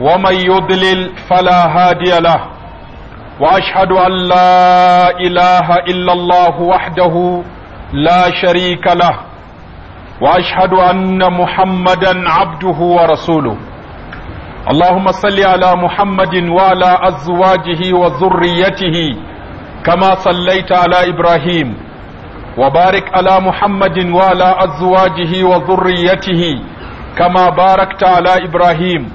ومن يضلل فلا هادي له واشهد ان لا اله الا الله وحده لا شريك له واشهد ان محمدا عبده ورسوله اللهم صل على محمد وعلى ازواجه وذريته كما صليت على ابراهيم وبارك على محمد وعلى ازواجه وذريته كما باركت على ابراهيم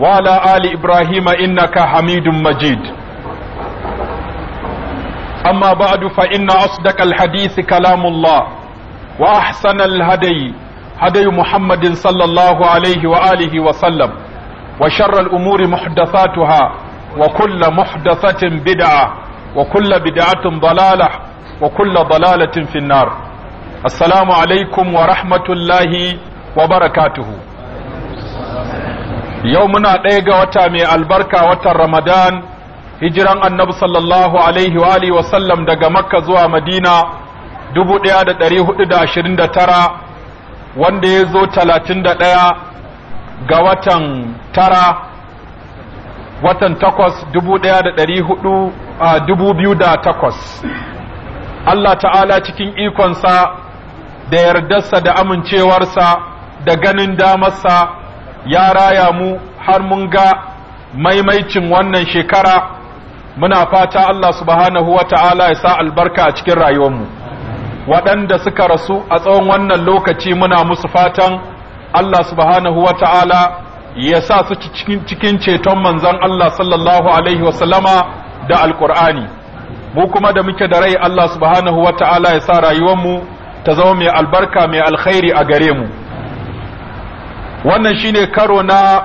وعلى آل إبراهيم إنك حميد مجيد أما بعد فإن أصدق الحديث كلام الله وأحسن الهدي هدي محمد صلى الله عليه وآله وسلم وشر الأمور محدثاتها وكل محدثة بدعة وكل بدعة ضلالة وكل ضلالة في النار السلام عليكم ورحمة الله وبركاته yau muna ɗaya ga wata mai albarka watan ramadan hijiran annabi sallallahu alaihi wa alihi wasallam daga makka zuwa madina 1429 wanda ya zo 31 ga watan tara watan takwas 2008 Allah ta'ala cikin ikonsa da yardarsa da amincewarsa da ganin damarsa ya raya mu har mun ga maimaicin wannan shekara muna fata Allah subhanahu wa ta'ala ya sa albarka a cikin rayuwarmu waɗanda suka rasu a tsawon wannan lokaci muna musu fatan Allah subhanahu wa ta'ala ya sa su cikin ceton manzon Allah sallallahu alaihi wasallama da alƙur'ani mu kuma da muke da rai Allah subhanahu wa ta'ala ya sa rayuwarmu ta zama mai albarka mai alkhairi a gare mu wannan shine karo na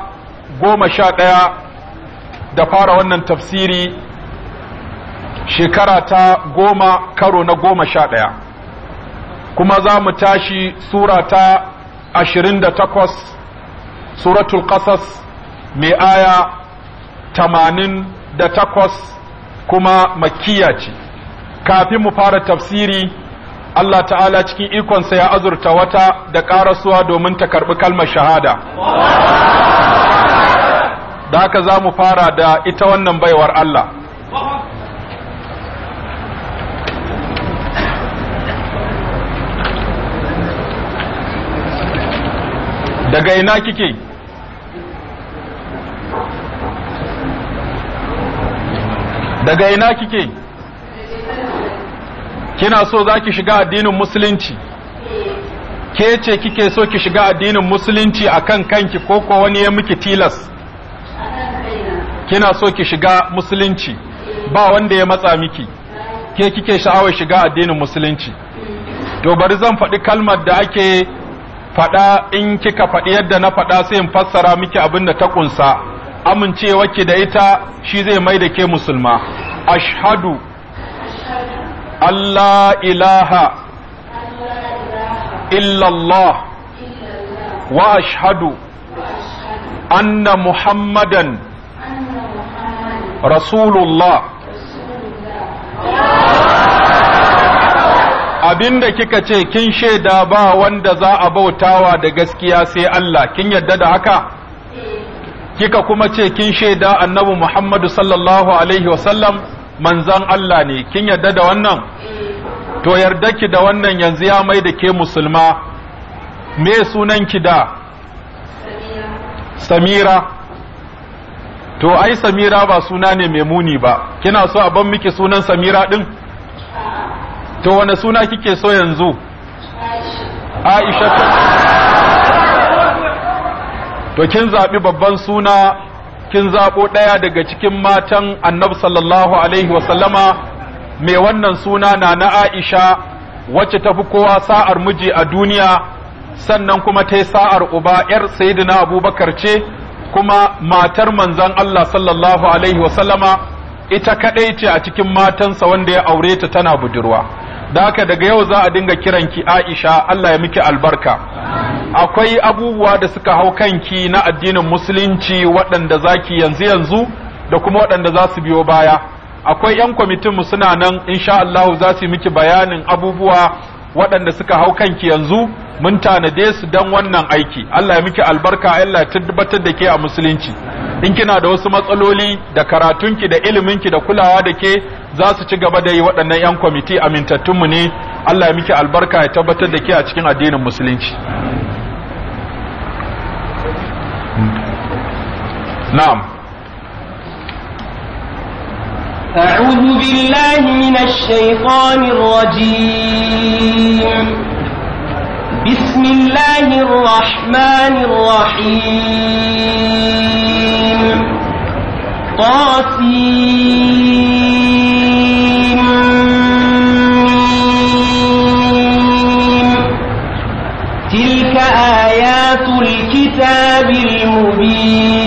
goma sha ɗaya da fara wannan tafsiri shekara ta goma karo na goma sha ɗaya kuma za mu tashi sura ta ashirin da takwas suratul ƙasas mai aya tamanin da takwas kuma makiya ce kafin mu fara tafsiri Allah ta'ala cikin ikonsa ya azurta wata da ƙarasuwa domin ta karɓi kalmar shahada. Da haka za mu fara da ita wannan baiwar Allah. Daga ina kike? Daga ina kike? kina so za ki shiga addinin musulunci ke ce kike so ki shiga addinin musulunci a kan kanki ko ko wani ya miki tilas kina so ki shiga musulunci ba wanda ya matsa miki ke kike sha'awar shiga addinin musulunci to bari zan faɗi kalmar da ake faɗa in kika faɗi yadda na faɗa sai in fassara miki abin da ta kunsa amincewa ki da ita shi zai mai da ke musulma ashhadu Allah ilaha illallah wa ashhadu anna muhammadan rasulullah abinda kika ce kin shaida ba wanda za a bautawa da gaskiya sai Allah kin yadda da haka kika kuma ce kin shaida annabi Muhammadu sallallahu alaihi wasallam manzan Allah ne kin yarda da wannan to yarda ki da wannan yanzu ya mai da ke musulma me sunan ki da samira to ai samira ba suna ne mai muni ba kina so a ban miki sunan samira din to wane suna kike so yanzu aisha to kin zaɓi babban suna kin zaɓo ɗaya daga cikin matan annabi sallallahu alaihi wasallama mai wannan suna na na aisha wacce ta fi kowa sa'ar miji a duniya sannan kuma ta yi sa'ar uba ‘yar sayyidina abubakar ce kuma matar manzon Allah sallallahu alaihi wasallama ita kaɗai ce a cikin matansa wanda ya aure ta tana budurwa. da haka daga yau za a dinga kiranki Aisha Allah ya miki albarka akwai abubuwa da suka hau kanki na addinin musulunci waɗanda zaki yanzu yanzu da kuma waɗanda za su biyo baya akwai 'yan kwamitin mu suna nan insha Allah za su miki bayanin abubuwa waɗanda suka hau kanki yanzu mun tanade su don wannan aiki Allah ya miki albarka Allah ya tabbatar da ke a musulunci in kina da wasu matsaloli da karatunki da iliminki da kulawa da ke za su ci gaba da yi waɗannan 'yan kwamiti amintattunmu ne Allah ya miki albarka ya tabbatar da ke a cikin addinin musulunci na'am أعوذ بالله من الشيطان الرجيم بسم الله الرحمن الرحيم طاسيم تلك آيات الكتاب المبين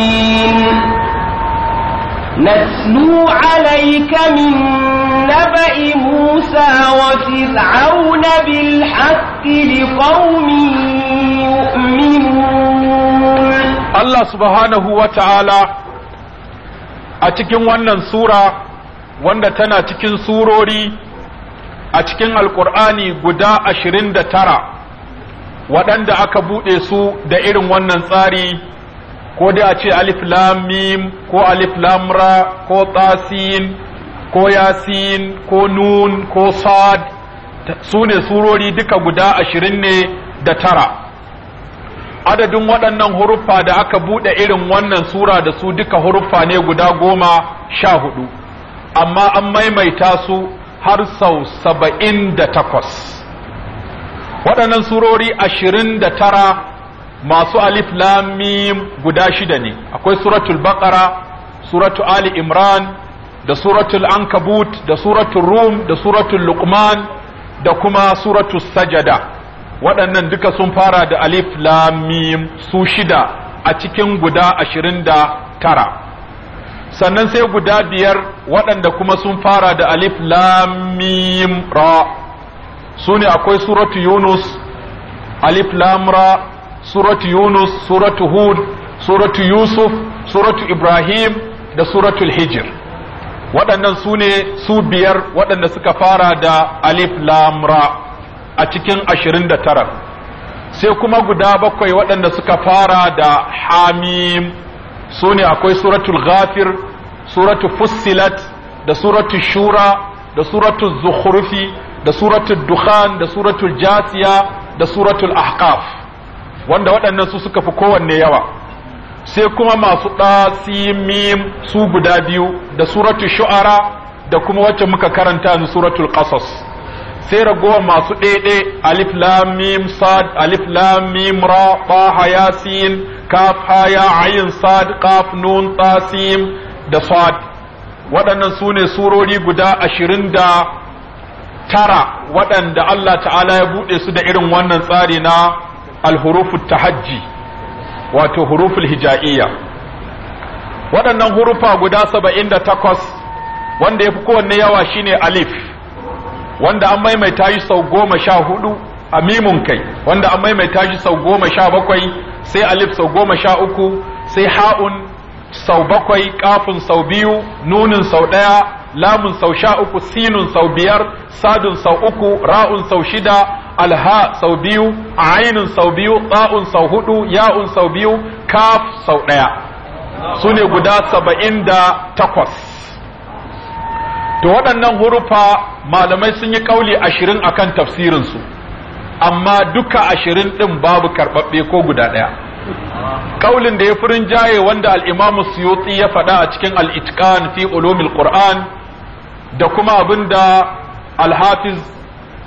نتلو عليك من نبأ موسى وفرعون بالحق لقوم يؤمنون الله سبحانه وتعالى a cikin wannan sura wanda tana cikin surori a cikin alkur'ani guda ashirin da tara waɗanda aka buɗe su da irin wannan tsari ko dai a ce alif lam mim ko alif lam ra ko tasin ko yasin ko nun ko sad su ne surori duka guda ashirin ne da tara adadin waɗannan huruffa da aka buɗe irin wannan sura da su duka huruffa ne guda goma sha hudu amma an maimaita su har sau saba'in da takwas waɗannan surori ashirin da tara masu alif lam mim guda shida ne akwai suratul baqara suratul ali imran da suratul ankabut da suratul rum da suratul luqman da kuma suratul sajada waɗannan duka sun fara da alif lam mim su shida a cikin guda ashirin da tara sannan sai guda biyar waɗanda kuma sun fara da alif lam mim ra su ne akwai suratul yunus alif lam ra suratu yunus suratu hud suratu yusuf suratu ibrahim da suratul hijir waɗannan su ne su biyar waɗanda suka fara da alif lamra a cikin ashirin da tara sai kuma guda bakwai waɗanda suka fara da hamim su ne akwai suratul ghafir suratu fussilat da suratu shura da suratu zukhrufi da suratul dukhan da suratul jasiya da suratul ahqaf wanda waɗannan su suka fi kowanne yawa sai kuma masu ɗasi mim su guda biyu da suratul shu'ara da kuma wacce muka karanta ni suratul qasas sai ragowa masu ɗaiɗe alif lam mim sad alif lam ra ta hayasin kaf haya ayin sad kaf nun tasim da sad waɗannan su ne surori guda ashirin da tara waɗanda Allah ta'ala ya buɗe su da irin wannan tsari na alhurufu tahajji wato huruful hija'iyya waɗannan hurufa guda saba'in da takwas wanda ya fi kowanne yawa shine alif wanda an maimaita shi sau goma sha hudu a mimun kai wanda an maimaita shi sau goma sha bakwai sai alif sau goma sha uku sai ha'un sau bakwai kafin sau biyu nunin sau ɗaya lamun sau sha uku sinun sau biyar sadun sau uku ra'un sau shida alha sau biyu ainun sau biyu tsa'un sau hudu ya'un sau biyu kaf sau ɗaya su ne guda saba'in da takwas to waɗannan hurufa malamai sun yi ƙauli ashirin akan tafsirinsu amma duka ashirin ɗin babu karɓaɓɓe ko guda ɗaya kaulin da ya furin jaye wanda al-Imam Suyuti ya faɗa a cikin al-Itqan fi ulumil Qur'an da kuma abinda al-Hafiz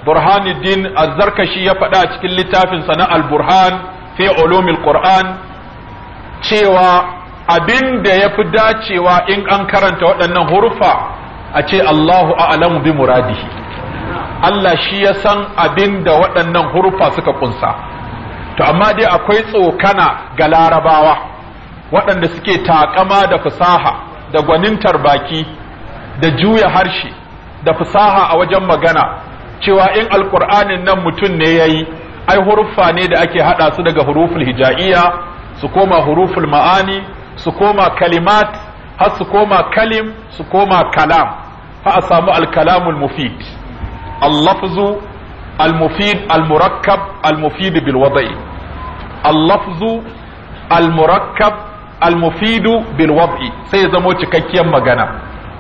Burhanuddin Az-Zarkashi ya faɗa a cikin littafin sa na al-Burhan fi ulumil Qur'an cewa abinda ya fi dacewa in an karanta waɗannan hurufa a ce Allahu a'lamu bi muradihi Allah shi ya san abin da waɗannan hurufa suka kunsa to amma dai akwai tsokana ga larabawa waɗanda suke takama da fasaha da gwanintar baki da juya harshe da fasaha a wajen magana cewa in alkur'anin nan mutum ne ya yi ai huruffa ne da ake haɗa su daga huruful hija'iyya su koma huruful ma'ani su koma kalimat har su koma kalim su koma kalam fa a samu alkalamul mufid allafzu المفيد المركب المفيد بالوضع اللفظ المركب المفيد بالوضع sai zamo cikakkiyar magana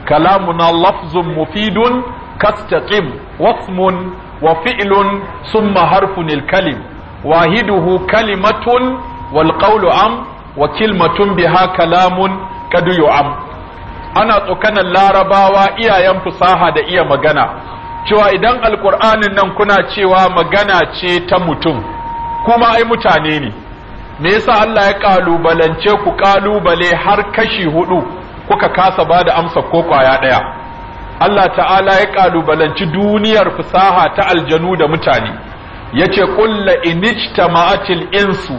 kalamuna lafzun mufidun kastaqim wasmun wa fi'lun summa harfun alkalim wahiduhu kalimatun wal qawlu am wa kilmatun biha kalamun kadu ana tsokanan larabawa iyayen fasaha da iya magana cewa idan alkur'anin nan kuna cewa magana ce ta mutum kuma ai mutane ne me yasa Allah ya kalubalance ku kalubale har kashi hudu kuka kasa bada amsa ko kwaya daya Allah ta'ala ya kalubalanci duniyar fasaha ta aljanu da mutane yace qul inijtama'atil insu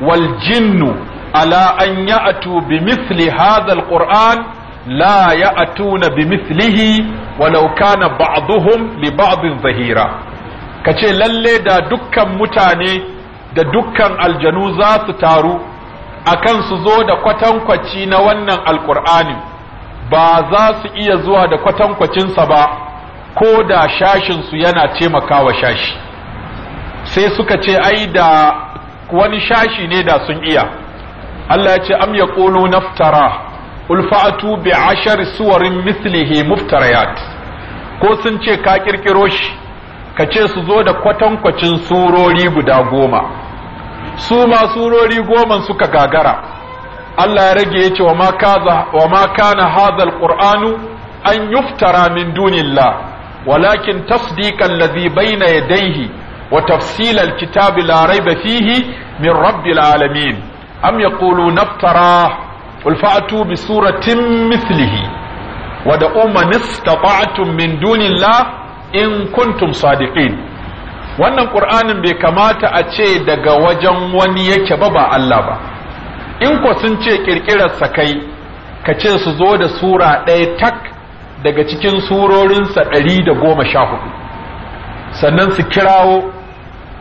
wal jinnu ala an ya'tu bimithli hadha alquran la يأتون بمثله ولو كان بعضهم li ظهيرا zahira kace lalle da dukkan mutane da dukkan aljanu za taru akan su zo da kwatankwaci na wannan Alkur'ani, ba za su iya zuwa da kwatankwacinsa ba ko da shashinsu yana taimakawa shashi sai suka ce ai da wani shashi ne da sun iya Allah ya ce am yaqulu naftara ulfa'atu bi ashar suwarin mithlihi muftarayat? ko sun ce ka kirkiro shi ka ce su zo da kwatankwacin surori guda goma su ma surori goman suka gagara Allah ya rage yace wa ma kaza wa ma kana an yuftara min dunillah walakin tasdiqan alladhi bayna yadayhi wa tafsil alkitabi la rayba fihi min rabbil alamin am yaquluna naftara ulfa'atu bi suratin mithlihi wa da umman istata'tum min dunillah in kuntum sadiqin wannan qur'anin bai kamata a ce daga wajen wani yake ba ba Allah ba in ko sun ce kirkirar sa kai ka ce su zo da sura ɗaya tak daga cikin surorinsa ɗari da goma sha hudu sannan su kirawo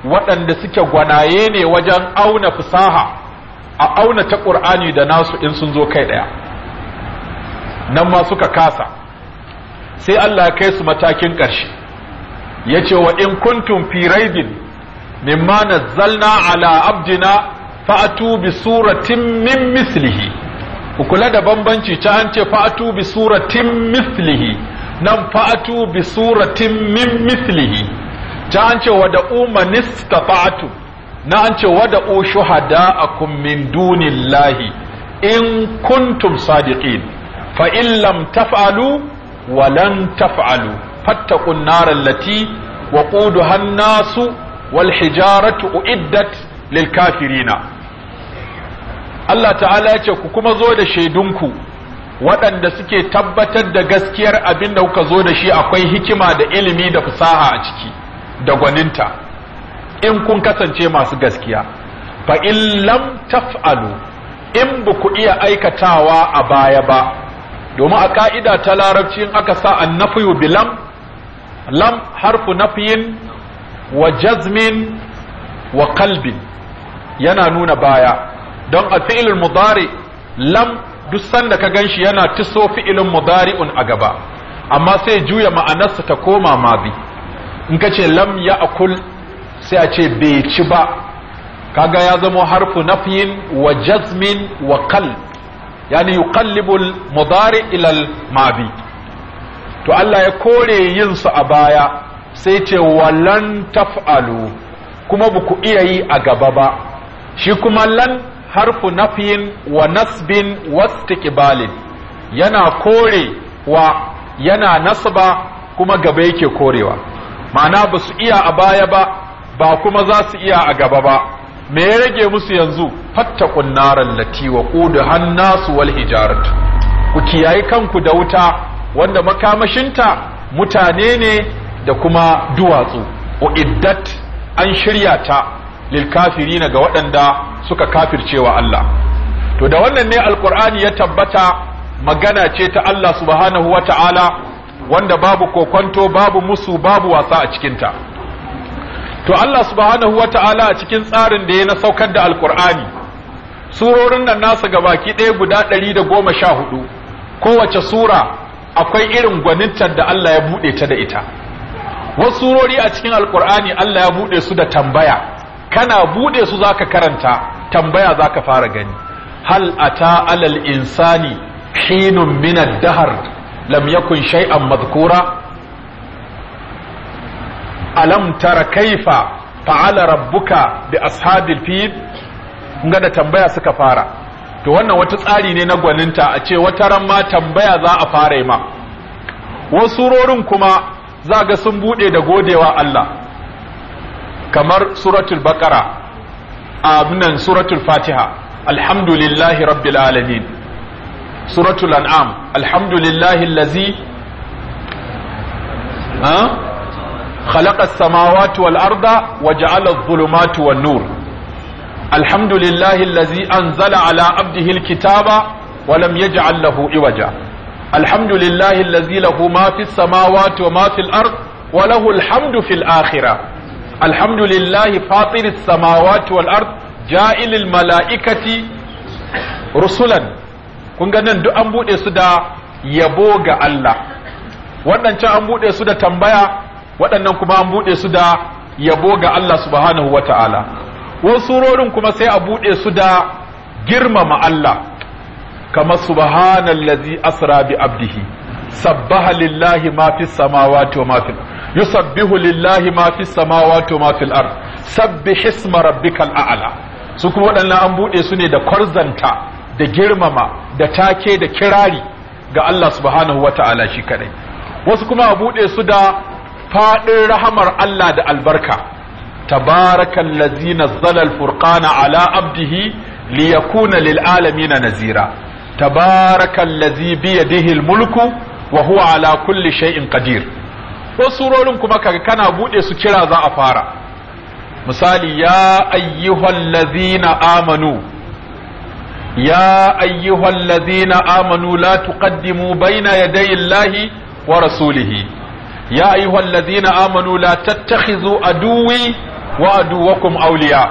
waɗanda suke gwanaye ne wajen auna fasaha a auna ta ƙur'ani da nasu in sun zo kai ɗaya nan ma suka kasa sai Allah ya kai su matakin ƙarshe ya ce wa in kuntum fi raibin mimma nazzalna ala abdina fa'atu bi suratin min mislihi ku kula da bambanci ta an ce fa'atu bi suratin mislihi nan fa'atu bi suratin min mislihi ta an ce wa da umanistafatu fa'atu na an ce shuhada shuhada'akum min dunillahi in kuntum sadiqin fa in lam taf'alu wa lan taf'alu fattaqun nar allati quduha an-nasu wal hijaratu uiddat lil kafirina Allah ta'ala ya ce ku kuma zo da shaidunku waɗanda suke tabbatar da gaskiyar abin da kuka zo da shi akwai hikima da ilimi da fasaha a ciki da gwaninta in kun kasance masu gaskiya fa in lam taf'alu in ba ku iya aikatawa a baya ba domin a ka'ida ta larabci in aka sa nafiyu bilam lam harfu nafiyin wa jazmin wa kalbin yana nuna baya don a fi'ilin mudari lam duk sanda ka gan shi yana tiso fi'ilin mudari'un a gaba amma sai juya ma'anarsa ta koma mabi in ka ce lam ya akul sai a ce bai ci ba kaga ya zama harfu nafyin wa jazmin wa kal yani yuqallibu mudari ila al to Allah ya kore yin su a baya sai ce walan taf'alu kuma ba ku iya yi a gaba ba shi kuma lan harfu nafyin wa nasbin wa yana kore wa yana nasba kuma gaba yake korewa ma'ana ba su iya a baya ba ba kuma za su iya a gaba ba me ya rage musu yanzu fattakun naral lati wa kudu nasu wal hijarat ku kiyaye kanku da wuta wanda makamashinta mutane ne da kuma duwatsu iddat an shirya ta lil kafirina ga waɗanda suka kafircewa Allah to da wannan ne alqur'ani ya tabbata magana ce ta Allah subhanahu wata'ala wanda babu kokonto babu musu babu wasa a cikinta to Allah subhanahu ta'ala a cikin tsarin da ya na saukar da alkur'ani surorin nan nasa ga baki ɗaya guda ɗari da goma sha hudu kowace sura akwai irin gwanintar da Allah ya buɗe ta da ita wasu surori a cikin alkur'ani Allah ya buɗe su da tambaya kana buɗe su za ka karanta tambaya za ka fara gani hal a ta alal insani hinun minar dahar lam yakun shay'an mazkura alam tara kaifa fa'ala rabbuka bi ashabil fil ga da tambaya suka fara to wannan wata tsari ne na gwaninta a ce wata ran ma tambaya za a fara ma wasu rorin kuma za ga sun bude da godewa Allah kamar suratul baqara nan suratul fatiha alhamdulillahi rabbil alamin suratul an'am alhamdulillahi allazi ha khalaqa as-samawati wal arda wa ja'ala adh nur alhamdulillahi allazi anzala ala abdihi kitaba wa lam iwaja alhamdulilahi lazi lahu ma fi as-samawati wa ma fi al-ard wa lahu al-hamdu fil akhirah alhamdulillahi fatir as-samawati malaikati rusulan kun ga nan duk an bude su da yabo ga Allah waɗancan an buɗe su da tambaya waɗannan kuma an buɗe su da yabo ga Allah subhanahu wa ta'ala surorin kuma sai a buɗe su da girmama Allah kama subhanallazi asra bi abdihi sabbaha lillahi ma fis samawati wa ma fil yusabbihu lillahi ma fis samawati wa ma fil ard sabbih isma rabbikal a'la su kuma waɗannan an buɗe su ne da kwarzanta da girmama da take da kirari ga Allah subhanahu wa ta'ala shi kadai wasu kuma a buɗe su da faɗin rahamar Allah da albarka tabarakan ladzi nazzala al ala abdihi liyakuna lil na nazira tabarakan ladzi bi yadihi mulku wa huwa ala kulli shay'in qadir ko surorin kuma kaga kana bude su kira za a fara misali ya ayyuhal lazina amanu يا أيها amanu la لا تقدموا بين يدي الله ya ayyuhal ladina amanu la a aduwi wa aduwakum awliya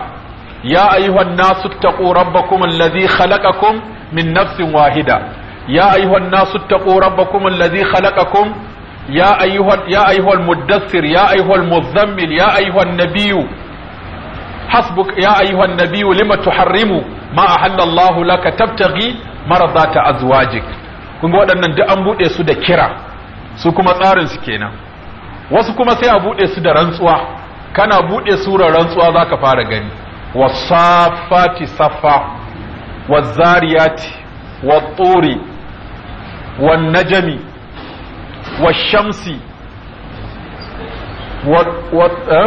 ya ayyuhan nasu taqu rabbakum alladhi khalaqakum min nafsin wahida ya ayyuhan nasu taqu rabbakum alladhi khalaqakum يا أيها يا أيها المدثر يا أيها المزمل يا أيها النبي حسبك يا أيها النبي لما تحرم ما أحل الله لك تبتغي مرضات أزواجك kun ga waɗannan duk an buɗe su da kira su kuma tsarin su kenan wasu kuma sai a buɗe su da rantsuwa kana buɗe surar rantsuwa zaka fara gani wasafati safa wazariyati wan najmi washamsi والضحى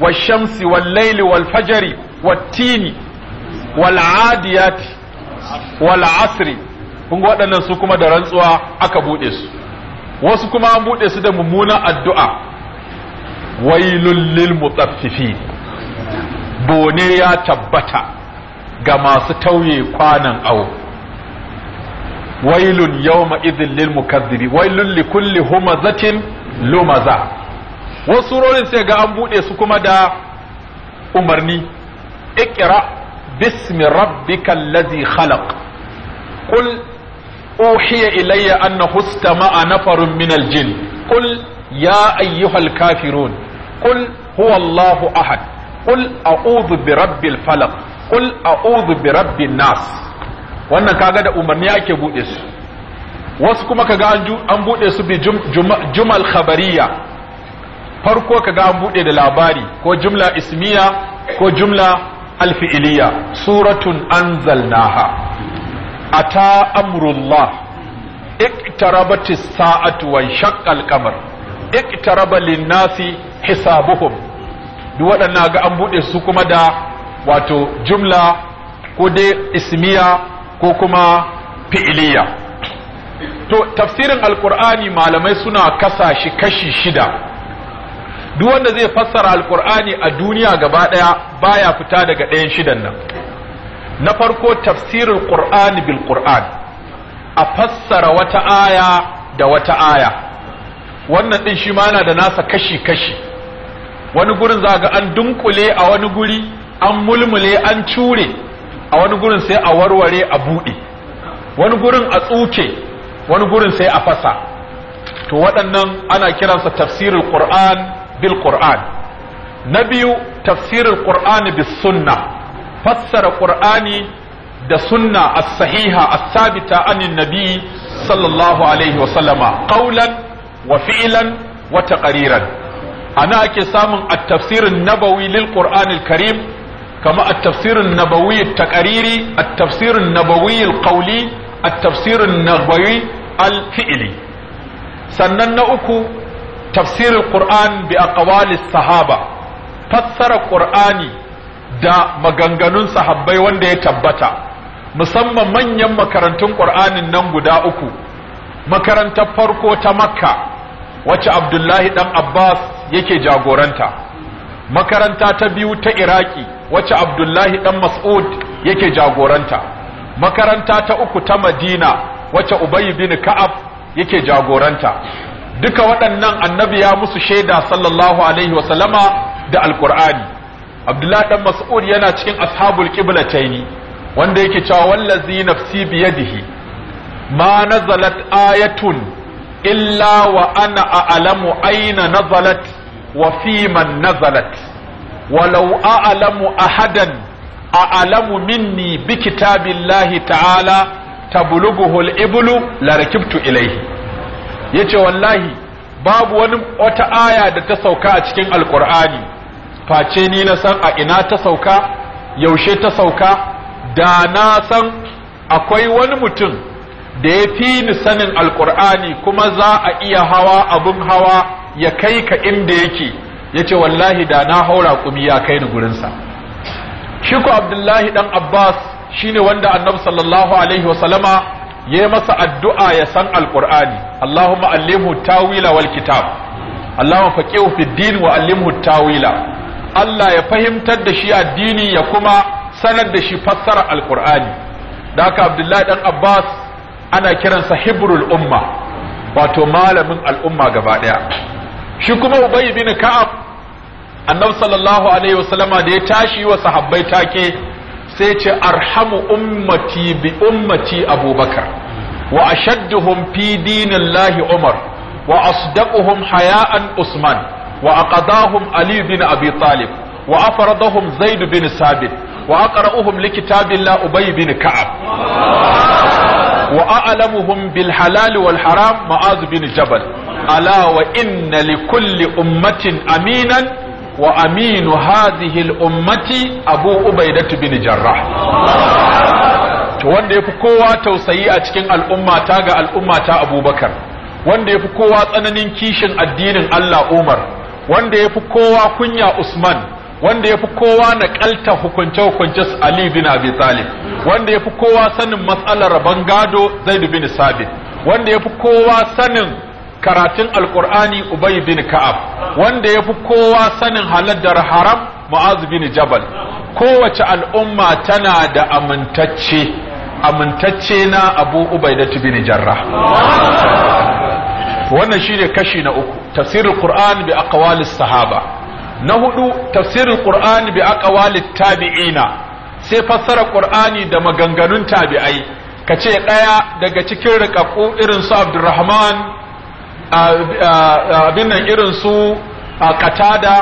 والشمس والليل والفجر والتين والعاديات والعصر kun waɗannan su kuma da rantsuwa aka buɗe su wasu kuma an buɗe su da mummunan addu'a wailul lil mutaffifin bone ya tabbata ga masu tauye kwanan awo wailun yawma idhin lil mukazzibi wailun li kulli humazatin lumaza wasu rorin sai ga an buɗe su kuma da umarni ikira bismi rabbikal ladhi khalaq qul uhiya ilayya annahu istama'a nafarun minal jin. qul ya ayyuhal kafirun qul huwa allahu ahad qul a'udhu birabbil falaq qul a'udhu birabbin nas wannan kaga da umarni ake bude wasu kuma kaga an bude su bi jumal khabariya farko kaga an buɗe da labari ko jumla ismiya ko jumla alfi'iliya suratun anzalnaha ata amrullah iqtarabatis sa'atu wa shaqqal qamar iqtaraba lin hisabuhum duk waɗannan ga an bude su kuma da wato jumla ko dai ismiya ko kuma fi'iliyya. to tafsirin alqur'ani malamai suna kasashi kashi shida duk wanda zai fassara alqur'ani a duniya gaba daya baya fita daga ɗayan shidan nan na farko tafsirul qur'ani bil qur'an a fassara wata aya da wata aya wannan din shi ma yana da nasa kashi kashi wani gurin za ga an dunkule a wani guri an mulmule an cure a wani gurin sai a warware a buɗe wani gurin a tsuke wani gurin sai a fasa to waɗannan ana kiransa tafsirul qur'an bil qur'an na biyu tafsirul qur'ani bis sunnah fassara qur'ani da sunna as-sahiha as-sabita anin nabi sallallahu alaihi wa sallama qawlan wa fi'lan wa taqriran ana ake samun at-tafsirin nabawi lil qur'anil karim kama at-tafsirin nabawi at-taqriri at-tafsirin nabawi al-qawli at-tafsirin nabawi al fiili sannan na uku tafsirin qur'an bi aqwalis sahaba fassara ƙur'ani da maganganun sahabbai wanda ya tabbata musamman manyan makarantun ƙur'anin nan guda uku makarantar farko ta makka wacce abdullahi dan abbas yake jagoranta makaranta ta biyu ta iraki wacce abdullahi dan mas'ud yake jagoranta makaranta ta uku ta madina wacce ubay bin ka'ab yake jagoranta duka waɗannan annabi ya musu shaida sallallahu alaihi wasallama da alƙur'ani abdullahi dan mas'ud yana cikin ashabul qiblataini wanda yake cewa wallazi nafsi biyadihi ma nazalat ayatun illa wa ana a'lamu aina nazalat wa fi man nazalat walau a'lamu ahadan a'alamu minni bi kitabillahi ta'ala tabluguhu Ibulu, iblu Ilaihi. ilayhi yace wallahi babu wani wata aya da ta sauka a cikin alqur'ani face ni na san a ina ta sauka yaushe ta sauka da na san akwai wani mutum da ya fi ni sanin alkur'ani kuma za a iya hawa abin hawa ya kai ka inda yake ya ce wallahi da na haura kumi ya kai ni gurinsa shi ku abdullahi dan abbas shine wanda annabi sallallahu alaihi wasallama ya yi masa addu'a ya san alkur'ani allahumma allimhu tawila wal kitab allahumma faqihu fid din wa allimhu tawila Allah ya fahimtar da shi addini ya kuma sanar da shi fassara alkur'ani da haka abdullahi dan abbas ana kiransa hibrul umma wato malamin al'umma gaba ɗaya. shi kuma ubay bin ka'ab annabi sallallahu alaihi wasallama da ya tashi wa sahabbai take sai ce arhamu ummati bi ummati abubakar wa ashadduhum fi dinillahi umar wa asdaquhum haya'an usman وأقضاهم علي بن أبي طالب وأفرضهم زيد بن ثابت وأقرأهم لكتاب الله أبي بن كعب وأعلمهم بالحلال والحرام معاذ بن جبل ألا وإن لكل أمة أمينا وأمين هذه الأمة أبو أبيدة بن جراح wanda ya fi kowa tausayi a cikin al'ummata ga al'ummata abubakar wanda ya fi kowa tsananin kishin addinin Allah Umar wanda ya fi kowa kunya Usman wanda ya fi kowa naƙalta hukunce-hukunce Ali bin Abi Talib wanda ya fi kowa sanin matsalar bangado Zaid bin Sabit wanda ya fi kowa sanin karatun alkur'ani Ubay bin Ka'ab wanda ya fi kowa sanin haladdar haram Mu'az bin Jabal kowace al'umma tana da amintacce amintacce na Abu Ubaidah bin Jarrah wannan shine kashi na uku tafsirul qur'an bi aqwalis sahaba na hudu tafsirin qur'an bi aqwalit tabi'ina sai fassara qur'ani da maganganun tabi'ai kace daya daga cikin rikaku irin su abdurrahman abin nan irin su qatada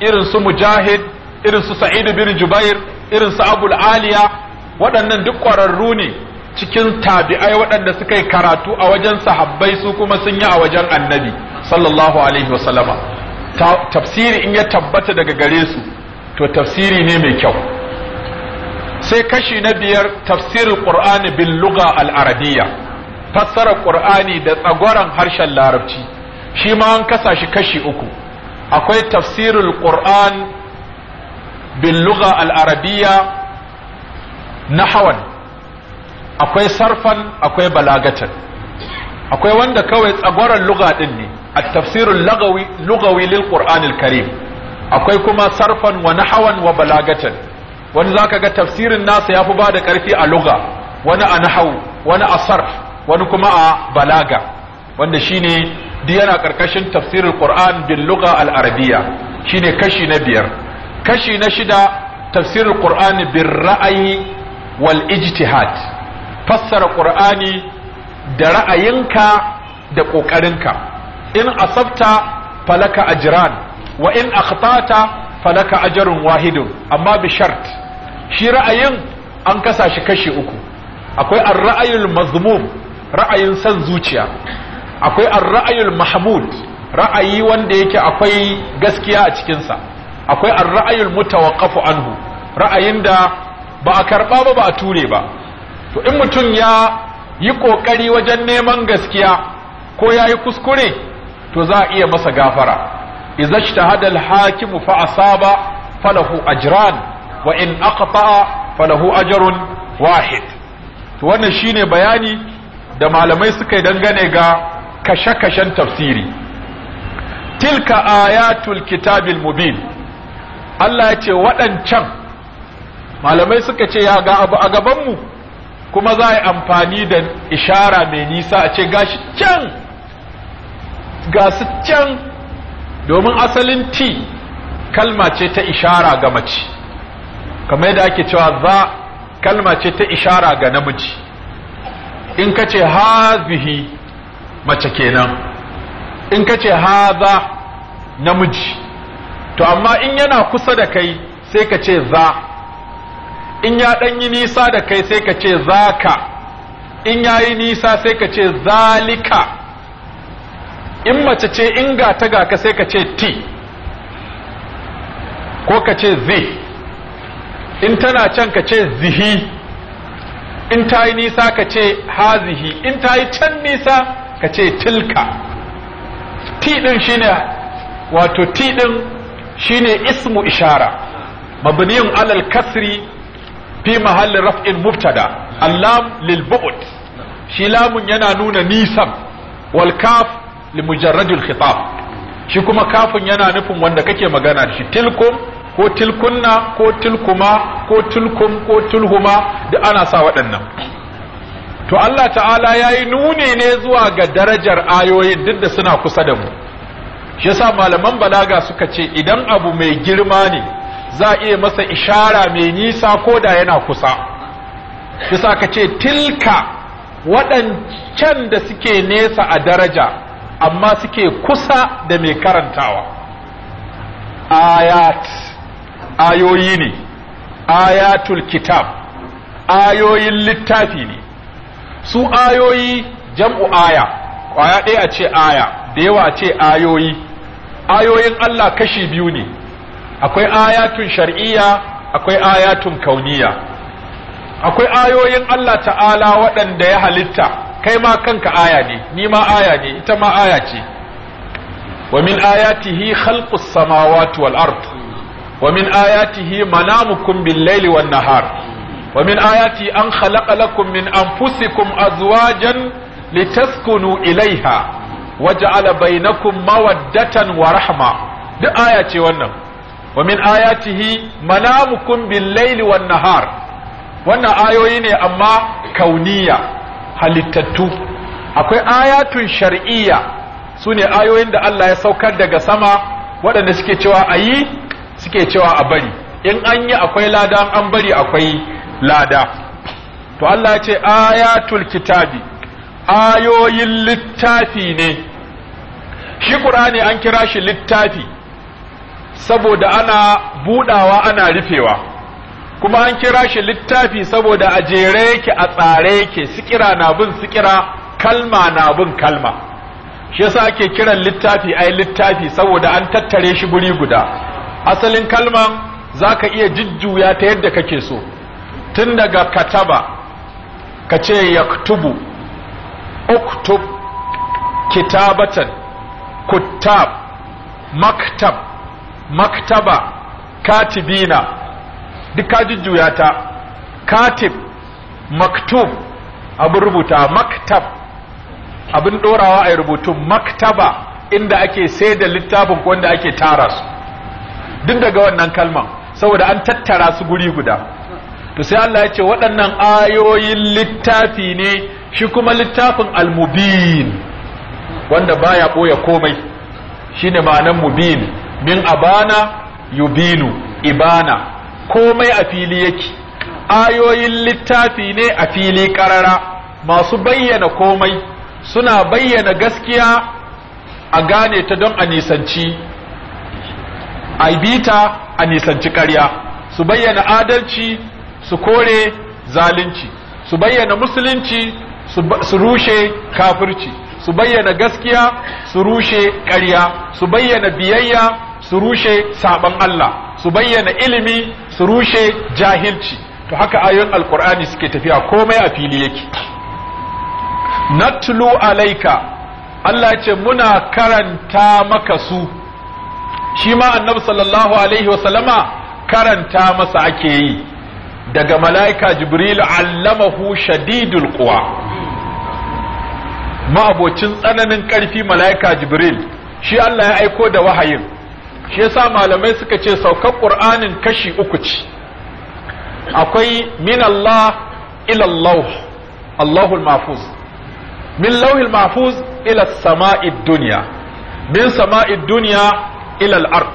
irin su mujahid irin su sa'id bin jubair irin su abul aliya waɗannan duk ƙwararru ne cikin tabi'ai waɗanda suka yi karatu a wajen sahabbai su kuma sun yi a wajen annabi sallallahu alaihi wasallama tafsiri in ya tabbata daga gare su to tafsiri ne mai kyau sai kashi na biyar tafsirin qur'ani bil lugha al arabiyya fassara qur'ani da tsagoran harshen larabci shi ma an kasa shi kashi uku akwai tafsirul qur'an bil lugha al arabiyya nahwan akwai sarfan akwai balagatan akwai wanda kawai tsagoran luga din ne a tafsirin lugawi lil karim akwai kuma sarfan wa nahawan wa balagatan wani zaka ga tafsirin nasa yafi bada karfi a luga wani a nahawu wani a sarf wani kuma a balaga wanda shine duk yana karkashin tafsirin qur'an bin luga al shine kashi na biyar kashi na shida tafsirin qur'an bin ra'ayi wal ijtihad fassara qur'ani da ra'ayinka da ƙoƙarinka in asabta falaka ajran wa in akhtata falaka ajrun wahidun amma bi shart shi ra'ayin an kasa shi kashi uku akwai ar-ra'ayul mazmum ra'ayin san zuciya akwai ar-ra'ayul mahmud ra'ayi wanda yake akwai gaskiya a cikin sa akwai ar-ra'ayul mutawaqqafu anhu ra'ayin da ba a karba ba ba a ture ba to in mutum ya yi ƙoƙari wajen neman gaskiya ko ya yi kuskure to za a iya masa gafara idza hadal al-hakimu fa asaba falahu ajran wa in fa'a falahu ajrun wahid to wannan shine bayani da malamai suka yi dangane ga kashe-kashen tafsiri tilka ayatul kitabil mubin Allah ya ce waɗancan malamai suka ce ya ga abu a gabanmu kuma za a yi amfani da ishara mai nisa a ce gashi can gasu can domin asalin t kalma ce ta ishara ga mace kamar yadda ake cewa za kalma ce ta ishara ga namiji in ka ce hazihi mace kenan in ka ce haza namiji to amma in yana kusa da kai sai ka ce za in ya ɗan yi nisa da kai sai ka ce zaka in ya yi nisa sai ka ce zalika in mace ce in ga ta ga ka sai ka ce ti ko ka ce zi in tana can ka ce zihi in ta yi nisa ka ce hazihi in ta yi can nisa ka ce tilka ti ɗin shine wato ti ɗin shine ismu ishara mabniyin alal kasri fi mahalli raf'in mubtada allam lil bu'd shi lamun yana nuna nisan wal kaf li mujarradil khitab shi kuma kafin yana nufin wanda kake magana da shi tilkum ko tilkunna ko tilkuma ko tilkum ko tulhuma da ana sa waɗannan to Allah ta'ala yayi nuni ne zuwa ga darajar ayoyin duk da suna kusa da mu shi yasa malaman balaga suka ce idan abu mai girma ne za a iya masa ishara mai nisa ko da yana kusa bisa ka ce tilka waɗancan da suke nesa a daraja amma suke kusa da mai karantawa ayat ayoyi ne ayatul kitab ayoyin littafi ne su ayoyi jam'u aya kwaya ɗaya ce aya da yawa ce ayoyi ayoyin Allah kashi biyu ne akwai ayatun shar'iyya akwai ayatun kauniya akwai ayoyin Allah ta'ala waɗanda ya halitta kai ma kanka aya ne ni ma aya ne ita ma aya ce wa min ayatihi khalqus samawati wal ard wa min ayatihi manamukum bil laili wan nahar wa min ayati an khalaqa lakum min anfusikum azwajan litaskunu ilaiha waja'ala bainakum mawaddatan wa rahma duk aya ce wannan wa min ayatihi manamukum bil Layli wan nahar wannan ayoyi ne amma kauniya halittattu akwai ayatun shar'iyya sune ayoyin da Allah ya saukar daga sama waɗanda suke cewa ayi suke cewa a bari in an yi akwai lada an bari akwai lada to Allah ya ce ayatul kitabi ayoyin littafi ne shi Qur'ani an kira shi littafi saboda ana budawa ana rufewa kuma an kira shi littafi saboda a jere yake a tsare yake sikira na bin sikira kalma na bin kalma shi yasa ake kiran littafi ai littafi saboda an tattare shi guri guda asalin kalman zaka iya jujjuya ta yadda kake so tun daga kataba ka ce yaktubu uktub kitabatan kuttab maktab maktaba katibina duk ka jujjuya ta katib maktub abin rubuta maktab abin ɗorawa a rubutun maktaba inda ake sai da littafin wanda ake tara su duk daga wannan kalman saboda an tattara su guri guda to sai Allah ya ce waɗannan ayoyin littafi ne shi kuma littafin almubin wanda baya ɓoye komai shine ma'anan mubin min abana Yubilu ibana komai a fili yake ayoyin littafi ne a fili karara masu bayyana komai suna bayyana gaskiya a gane ta don a nisanci a bita a nisanci karya su bayyana adalci su kore zalunci su bayyana musulunci su rushe kafirci su bayyana gaskiya su rushe ƙarya su bayyana biyayya su rushe saban Allah su bayyana ilimi su rushe jahilci to haka ayoyin alkur'ani suke tafiya komai a fili yake natlu alaika Allah ce muna karanta maka su shi ma annabi sallallahu alaihi wasallama karanta masa ake yi daga mala'ika jibril allamahu shadidul quwa ma'abocin tsananin ƙarfi mala'ika jibril shi Allah ya aiko da wahayin shi yasa malamai suka ce saukar ƙur'anin kashi uku ce akwai min Allah ila Allah Allahul mahfuz min lauhil mahfuz ila sama'id duniya. min sama'id duniya ila al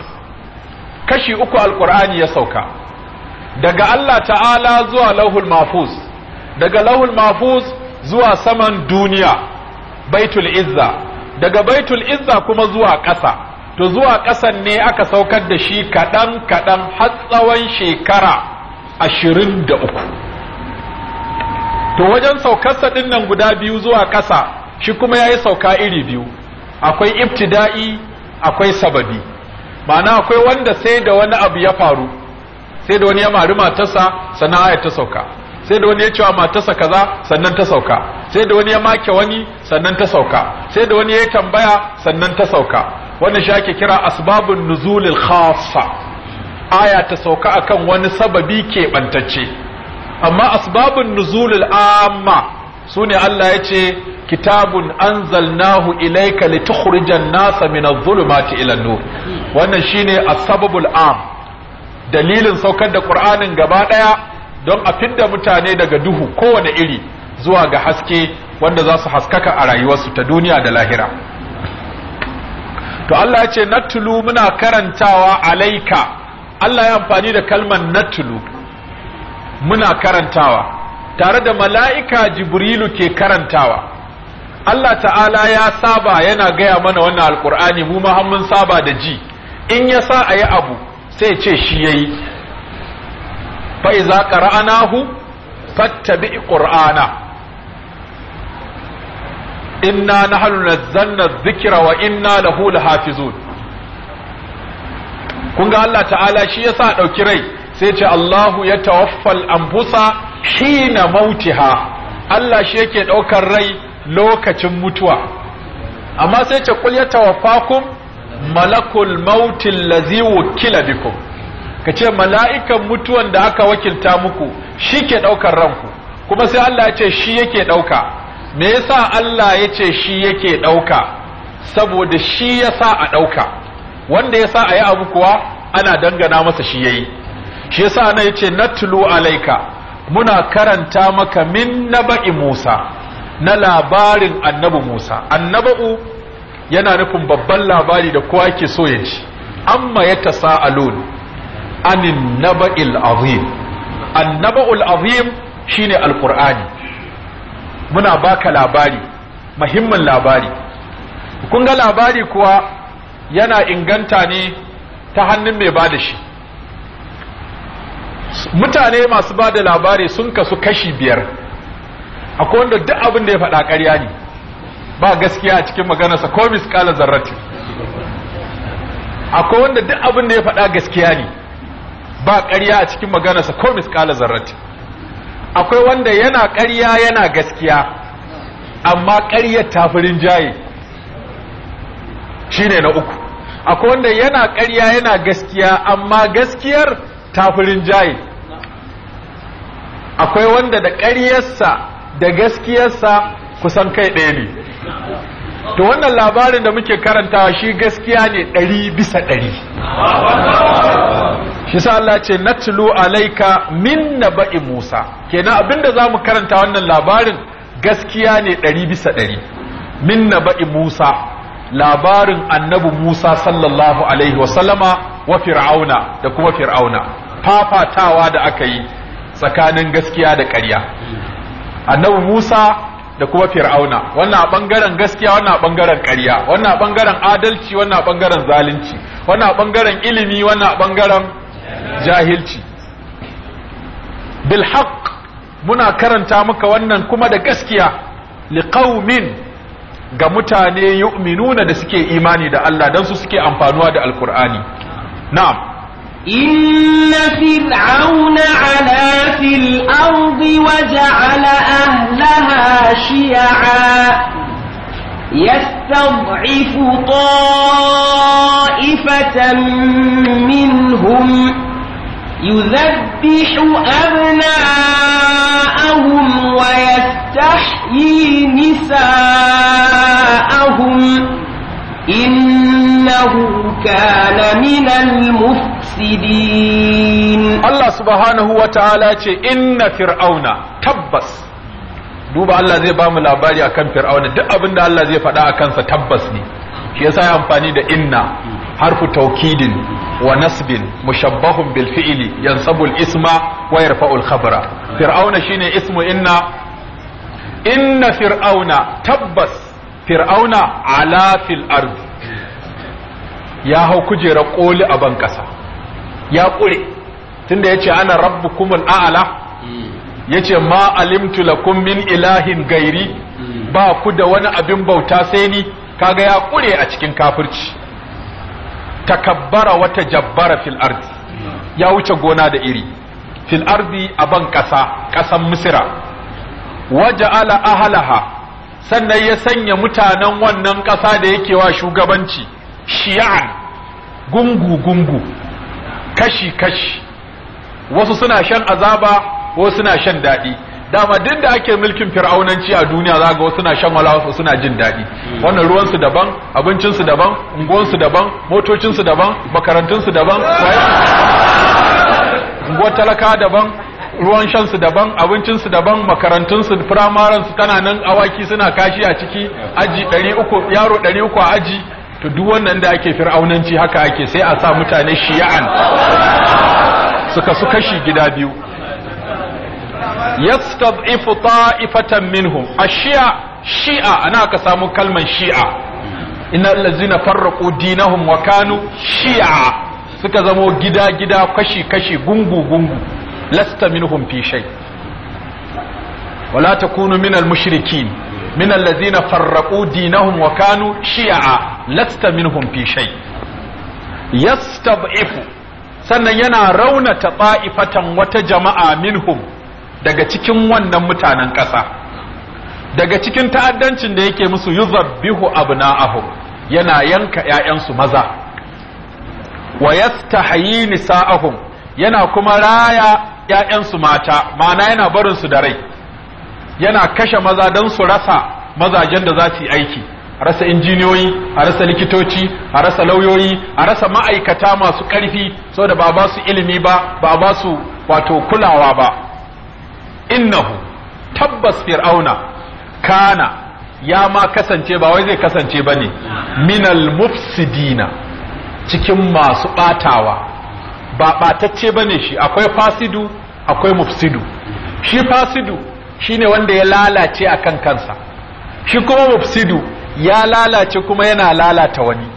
kashi uku alƙur'ani ya sauka daga Allah ta'ala zuwa lauhul mafuz daga lauhul mafuz zuwa saman duniya baitul izza daga baitul izza kuma zuwa ƙasa to zuwa ƙasan ne aka saukar da shi kaɗan kaɗan har tsawon shekara ashirin da uku to wajen saukarsa ɗin nan guda biyu zuwa ƙasa shi kuma ya yi sauka iri biyu akwai ibtida'i akwai sababi ma'ana akwai wanda sai da wani abu ya faru sai da wani ya mari matarsa sana'a ta sauka sai da wani ya cewa matarsa kaza sannan ta sauka sai da wani ya make wani sannan ta sauka sai da wani ya tambaya sannan ta sauka wannan shi ake kira asbabun nuzulil khassa aya ta sauka akan wani sababi keɓantacce amma asbabun nuzulil amma sune Allah ya ce kitabun anzalnahu ilayka litukhrijan nasa min adh-dhulumati ila nur wannan shine asbabul am dalilin saukar da Qur'anin gaba daya don a fidda mutane daga duhu kowane iri zuwa ga haske wanda za su haskaka a rayuwarsu ta duniya da lahira to Allah ya ce natulu muna karantawa alaika Allah ya amfani da kalmar natulu muna karantawa tare da mala'ika jibrilu ke karantawa Allah ta'ala ya saba yana gaya mana wannan alkur'ani mu ma saba da ji in ya sa a yi abu sai ce shi ya yi. fa iza qara'nahu fattabi qur'ana inna nahnu nazzalna adh-dhikra wa inna lahu lahafizun kun ga Allah ta'ala shi yasa dauki rai sai ce Allahu ya tawaffal anfusa hina mautiha Allah shi yake daukar rai lokacin mutuwa amma sai ce kul ya tawaffakum malakul mautil ladzi wukila bikum ka ce mala'ikan mutuwan da aka wakilta muku shi ke ɗaukar ranku kuma sai Allah ya ce shi yake ɗauka me yasa Allah ya ce shi yake ɗauka saboda shi ya sa a ɗauka wanda ya sa a yi abu kuwa ana dangana masa shi ya yi shi ya sa na ya ce natulu alaika muna karanta maka min naba'i musa na labarin annabi musa annabu yana nufin babban labari da kowa ke so ya ji amma ya tasa'alun anin naba'il azim annaba'ul azim shine alqur'ani muna baka labari muhimmin labari kun ga labari kuwa yana inganta ne ta hannun mai bada shi mutane masu bada labari sun kasu kashi biyar akwai wanda duk abin da ya faɗa ƙarya ne ba gaskiya a cikin maganarsa ko miskala zarrati akwai wanda duk abin da ya faɗa gaskiya ne ba ƙarya a cikin maganarsa ko misƙala zarrati akwai wanda yana ƙarya yana gaskiya amma ƙaryar tafirin jaye ne na uku akwai wanda yana ƙarya yana gaskiya amma gaskiyar tafirin jaye akwai wanda da ƙaryarsa da gaskiyarsa kusan kai ɗaya ne to wannan labarin da muke karantawa shi gaskiya ne ɗari bisa ɗari shi sa Allah ce na natlu alaika min na ba'i Musa kenan abinda mu karanta wannan labarin gaskiya ne ɗari bisa ɗari min na ba'i Musa labarin annabu Musa sallallahu alaihi wasallama wa fir'auna da kuma fir'auna fafatawa da aka yi tsakanin gaskiya da ƙarya annabu Musa da kuma fir'auna wannan a bangaren gaskiya wannan a bangaren ƙarya wannan a bangaren adalci wannan a bangaren zalunci wannan a bangaren ilimi wannan a bangaren jahilci bil haqq muna karanta muka wannan kuma da gaskiya liqaumin ga mutane yu'minuna da suke imani da Allah dan su suke amfanuwa da alqur'ani na'am إن فرعون علا في الأرض وجعل أهلها شيعا يستضعف طائفة منهم يذبح أبناءهم ويستحيي نساءهم إنه كان من المفتدين مفسدين الله سبحانه وتعالى inna Fir'auna tabbas. duba Allah zai bamu labari akan Fir'auna duk abin da Allah zai faɗa a kansa tabbas ne shi yasa ya amfani da inna harfu taukidin wa nasbin mushabbahun bil fi'li yansabu al isma wa yarfa'u al khabara fir'auna shine ismu inna inna fir'auna tabbas fir'auna ala fil ard ya hau kujera koli a ban kasa ya ƙure tunda yace ce ana rabbukumul a'ala yace ce ma alimtu lakum min ilahin gairi ba ku da wani abin bauta sai ni kaga ya ƙure a cikin kafirci takabbara wata jabbara fil ardi ya wuce gona da iri fil ardi a ban ƙasa ƙasan misira waja'ala ahalaha sannan ya sanya mutanen wannan ƙasa da yake wa shugabanci shi'an gungu-gungu kashi-kashi wasu suna shan azaba wasu suna shan daɗi dama duk da ake mulkin fir'aunanci a duniya za ga wasu suna shan wala wasu suna jin daɗi hmm. wannan ruwansu daban abincinsu daban unguwansu daban motocinsu daban makarantunsu daban unguwar talaka daban ruwan shansu daban abincinsu daban makarantunsu firamaransu nan awaki suna kashi a ciki aji 300 yaro 300 a aji to duk wannan da ake fir'aunanci haka ake sai a sa mutane shi'an suka su kashi gida biyu yastad'ifu ta'ifatan minhum ashiya shi'a ana ka samu kalman shi'a innal ladzina farraqu dinahum wa kanu shi'a suka zamo gida gida kashi kashi gungu gungu lasta minhum fi shay wala takunu minal mushrikin من الذين فرقوا دينهم وكانوا شيعا shi'a lasta في شيء يستضعف yastab'ifu sannan yana raunata ta'ifatan wata jama'a minhum daga cikin wannan mutanen ƙasa daga cikin ta'addancin da yake musu yuzabbihu abna'ahum yana yanka 'ya'yansu maza wa yastahyi nisa'ahum yana kuma raya 'ya'yansu mata ma'ana yana barin su da rai yana kashe maza don su rasa mazajen da za su yi aiki a rasa injiniyoyi a rasa likitoci a rasa lauyoyi a rasa ma'aikata masu ƙarfi da ba ba su ilimi ba ba ba su wato kulawa ba innahu tabbas fir'auna kana ya ma kasance ba wai zai kasance ba ne minal mufsidina cikin masu batawa ba ɓatacce ba ne shi akwai fasidu akwai mufsidu shi fasidu Shi ne wanda ya lalace a kan kansa shi kuma mufsidu ya lalace kuma yana lalata wani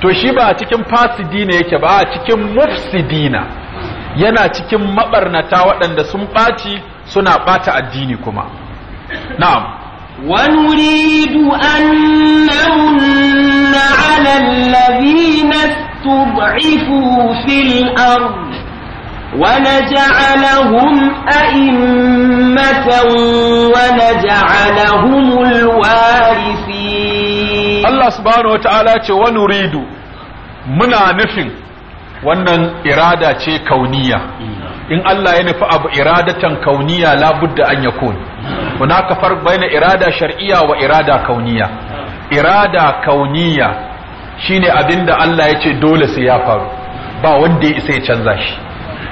to shi ba a cikin fasidina yake ba a cikin mufsidina yana cikin mabarnata waɗanda sun ɓaci suna ɓata addini kuma na'am an أن ala على الذين استضعفوا في ونجعلهم أئمة ونجعلهم الوارثين الله سبحانه وتعالى ونريد muna nufin wannan irada ce kauniya in Allah ya nufi abu iradatan kauniya labudda an yakun kuna farq baina irada shar'iyya wa irada kauniya irada kauniya shine abinda Allah ya ce dole sai ya faru ba wanda ya isa ya canza shi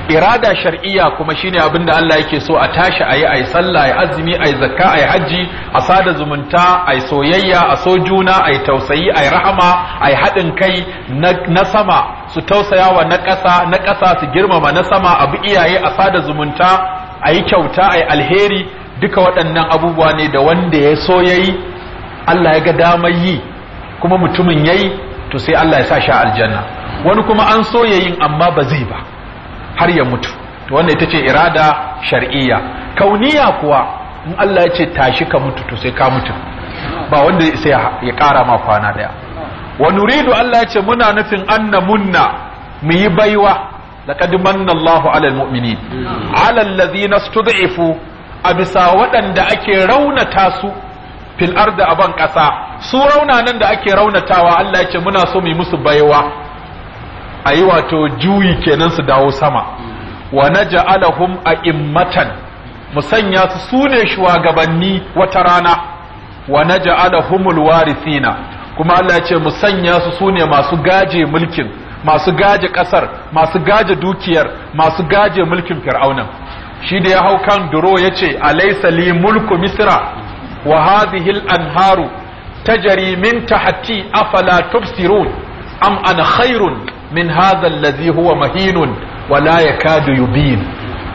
irada shar'iyya kuma shine abin da Allah yake so a tashi ayi ayi sallah ayi azumi ayi zakka ayi haji a sada zumunta ayi soyayya a so juna ayi tausayi ayi rahama ayi haɗin kai na sama su tausayawa na ƙasa na ƙasa su girmama na sama abu iyaye a sada zumunta ayi kyauta ayi alheri duka waɗannan abubuwa ne da wanda ya so yayi Allah ya ga damar yi kuma mutumin yayi to sai Allah ya sa shi aljanna wani kuma an so yayin amma ba zai ba har ya mutu to wannan ita ce irada shar'iyya kauniya kuwa in Allah ya ce tashi ka mutu to sai ka mutu ba wanda sai ya kara ma kwana daya wa nuridu Allah ya ce muna nufin anna munna mu yi baiwa laqad manna Allahu alal mu'minin alal ladhina stud'ifu a bisa waɗanda ake raunata su fil arda aban ƙasa su raunanan da ake raunatawa Allah ya ce muna so mu yi musu baiwa a yi wato juyi kenan su dawo sama wa a a'immatan mu sanya su sune shugabanni wata rana wa naj'alahumul alwarithina kuma Allah ya ce mu sanya su sune masu gaje mulkin masu gaje kasar masu gaje dukiyar masu gaje mulkin fir'auna shi da ya hau kan duro ya ce alaysa li mulku misra wa hadhihi al-anharu tajri min tahti afala tubsirun am ana khairun min hadha alladhi huwa mahinun wa la yakadu yubin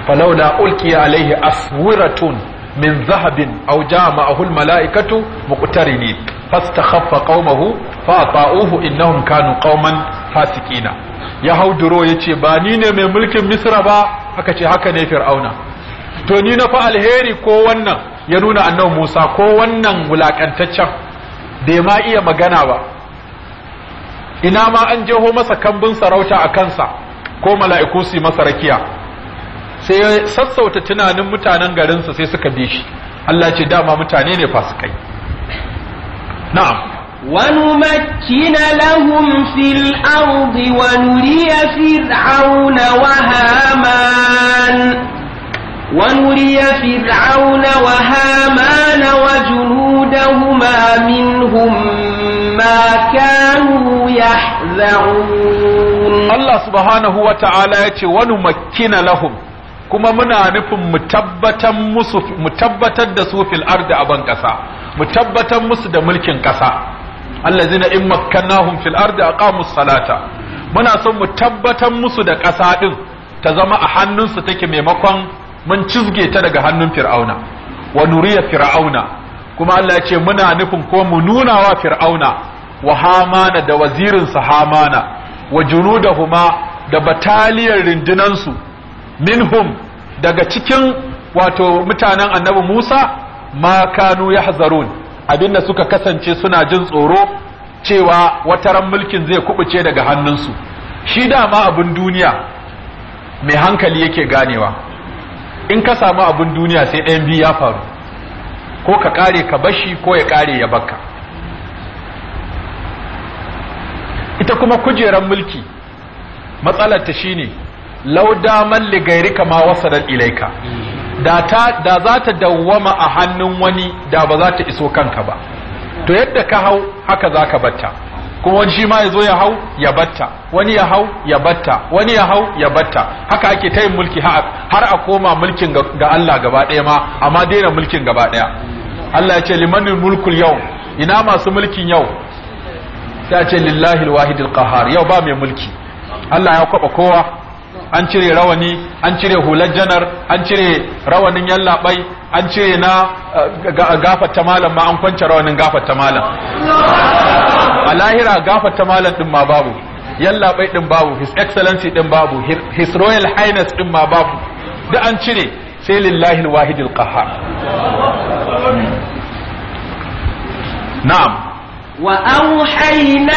falawla ulqiya alayhi aswiratun min dhahabin aw jama'ahu almalaikatu muqtarinin fastakhaffa qaumahu fa ata'uhu innahum kanu qauman fasikina ya hauduro yace ba ni ne mai mulkin misra ba aka ce haka ne fir'auna to ni na fa alheri ko wannan ya nuna annabi Musa ko wannan wulakantaccen bai ma iya magana ba ina ma an jeho masa kambun sarauta a kansa ko mala'iku su masa rakiya sai ya sassauta tunanin mutanen garinsa sai suka bi shi Allah ce dama mutane ne fasikai na'am ونمكن لهم في الأرض ونري فرعون وهامان ونري فرعون وهامان وجنودهما منهم allah subhanahu wa ta’ala ya ce wani makina lahum. kuma muna nufin mu tabbatar musu mu da su fil a banƙasa. kasa mu tabbatar musu da mulkin kasa zina, in makkannahum fil ardi aqamus salata muna son mu tabbatar musu da ƙasa ɗin ta zama a hannunsu take maimakon mun cizge ta daga hannun fir'auna wa nuriya fir'auna kuma Allah ya ce muna nufin ko mu nuna wa fir'auna wa hamana da wazirinsa hamana wa junudahuma da bataliyar rundunansu minhum daga cikin wato mutanen annabi Musa ma kanu yahzarun abinda suka kasance suna jin tsoro cewa wataran mulkin zai kubuce daga hannunsu shi dama abin duniya mai hankali yake ganewa in ka samu abin duniya sai ɗayan biyu ya faru ko ka kare ka bashi ko ya kare ya baka. ita kuma kujeran mulki matsalar ta shine lauda man ligairika ma wasalar ilaika da da za ta dawwama a hannun wani da ba za ta iso kanka ba to yadda ka hau haka za ka batta kuma wani shi ma ya zo ya hau ya batta wani ya hau ya batta wani ya hau ya batta haka ake ta yin mulki har a koma mulkin ga Allah gaba ɗaya ma amma daina mulkin gaba ɗaya Allah ya ce limanin mulkul yau ina masu mulkin yau sai ce lillahi wahidil qahar yau ba mai mulki Allah ya kwaba kowa an cire rawani an cire hular janar an cire rawanin yallaɓai an cire na uh, gafata malam ma an kwance rawanin gafata malam a lahira gafata malam din ma babu yallaɓai din babu his excellency din babu his royal highness din ma babu da an cire sai lillahi wahidil qahhar na'am وأوحينا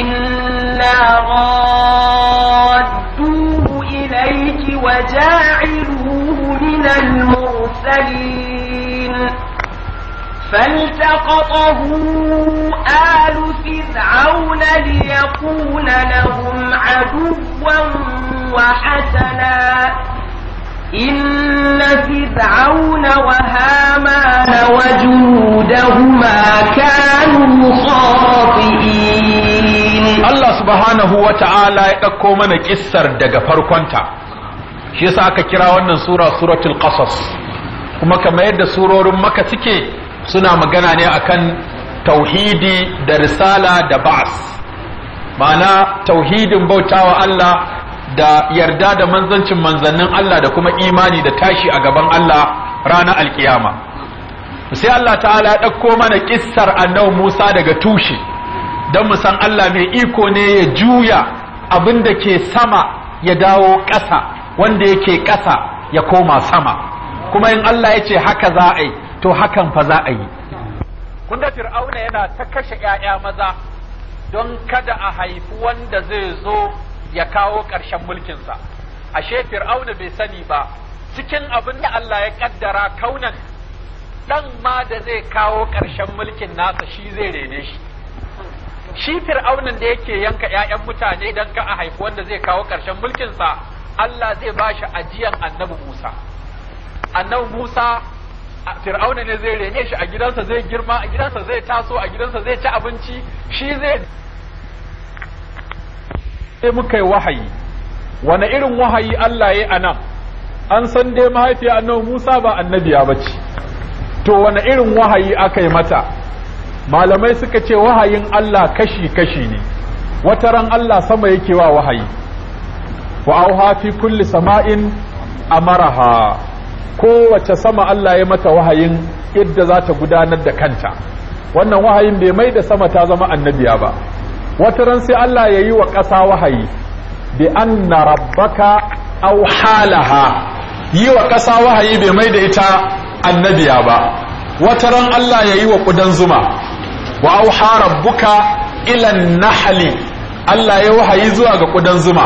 إنا رادوه إليك وجاعلوه من المرسلين فالتقطه آل فرعون ليكون لهم عدوا وحسنا إن da وهامان وجودهما كانوا خاطئين الله سبحانه وتعالى يدكو من قصر دغ فرقنتا shi yasa aka kira wannan sura suratul qasas kuma kamar yadda surorin maka suke suna magana ne akan tauhidi da risala da ba'as ma'ana tauhidin bautawa Allah da yarda da manzancin manzannin Allah da kuma imani da tashi a gaban Allah ranar alkiyama sai Allah ta'ala ya ɗauko mana kissar annabi Musa daga tushe don mu san Allah mai iko ne ya juya abin da ke sama ya dawo ƙasa wanda yake ƙasa ya koma sama kuma in Allah ya ce haka za a yi to hakan fa za a yi kun fir'auna yana ta kashe 'ya'ya maza don kada a haifi wanda zai zo ya kawo ƙarshen mulkinsa ashe fir'auna bai sani ba cikin abin da Allah ya ƙaddara kaunan ɗan ma da zai kawo ƙarshen mulkin nasa shi zai rene shi shi fir'aunan da yake yanka ƴaƴan mutane dan ka a haifu wanda zai kawo ƙarshen mulkinsa Allah zai ba shi ajiyan annabi Musa annabi Musa fir'auna ne zai rene shi a gidansa zai girma a gidansa zai taso a gidansa zai ci abinci shi zai sai muka yi wahayi wani irin wahayi Allah ya anan an san dai mahaifiya annabi Musa ba annabiya ba bace to wani irin wahayi aka yi mata malamai suka ce wahayin Allah kashi kashi ne wata ran Allah sama yake wa wahayi wa auha fi kulli sama'in amaraha kowace sama Allah ya mata wahayin yadda za ta gudanar da kanta wannan wahayin bai mai da sama ta zama annabiya ba wata ran sai Allah ya yi wa ƙasa wahayi bi anna rabbaka aw halaha yi wa ƙasa wahayi bai mai da ita annabiya ba wata ran Allah ya yi wa ƙudan zuma wa aw rabbuka ilan nahli Allah ya wahayi zuwa ga ƙudan zuma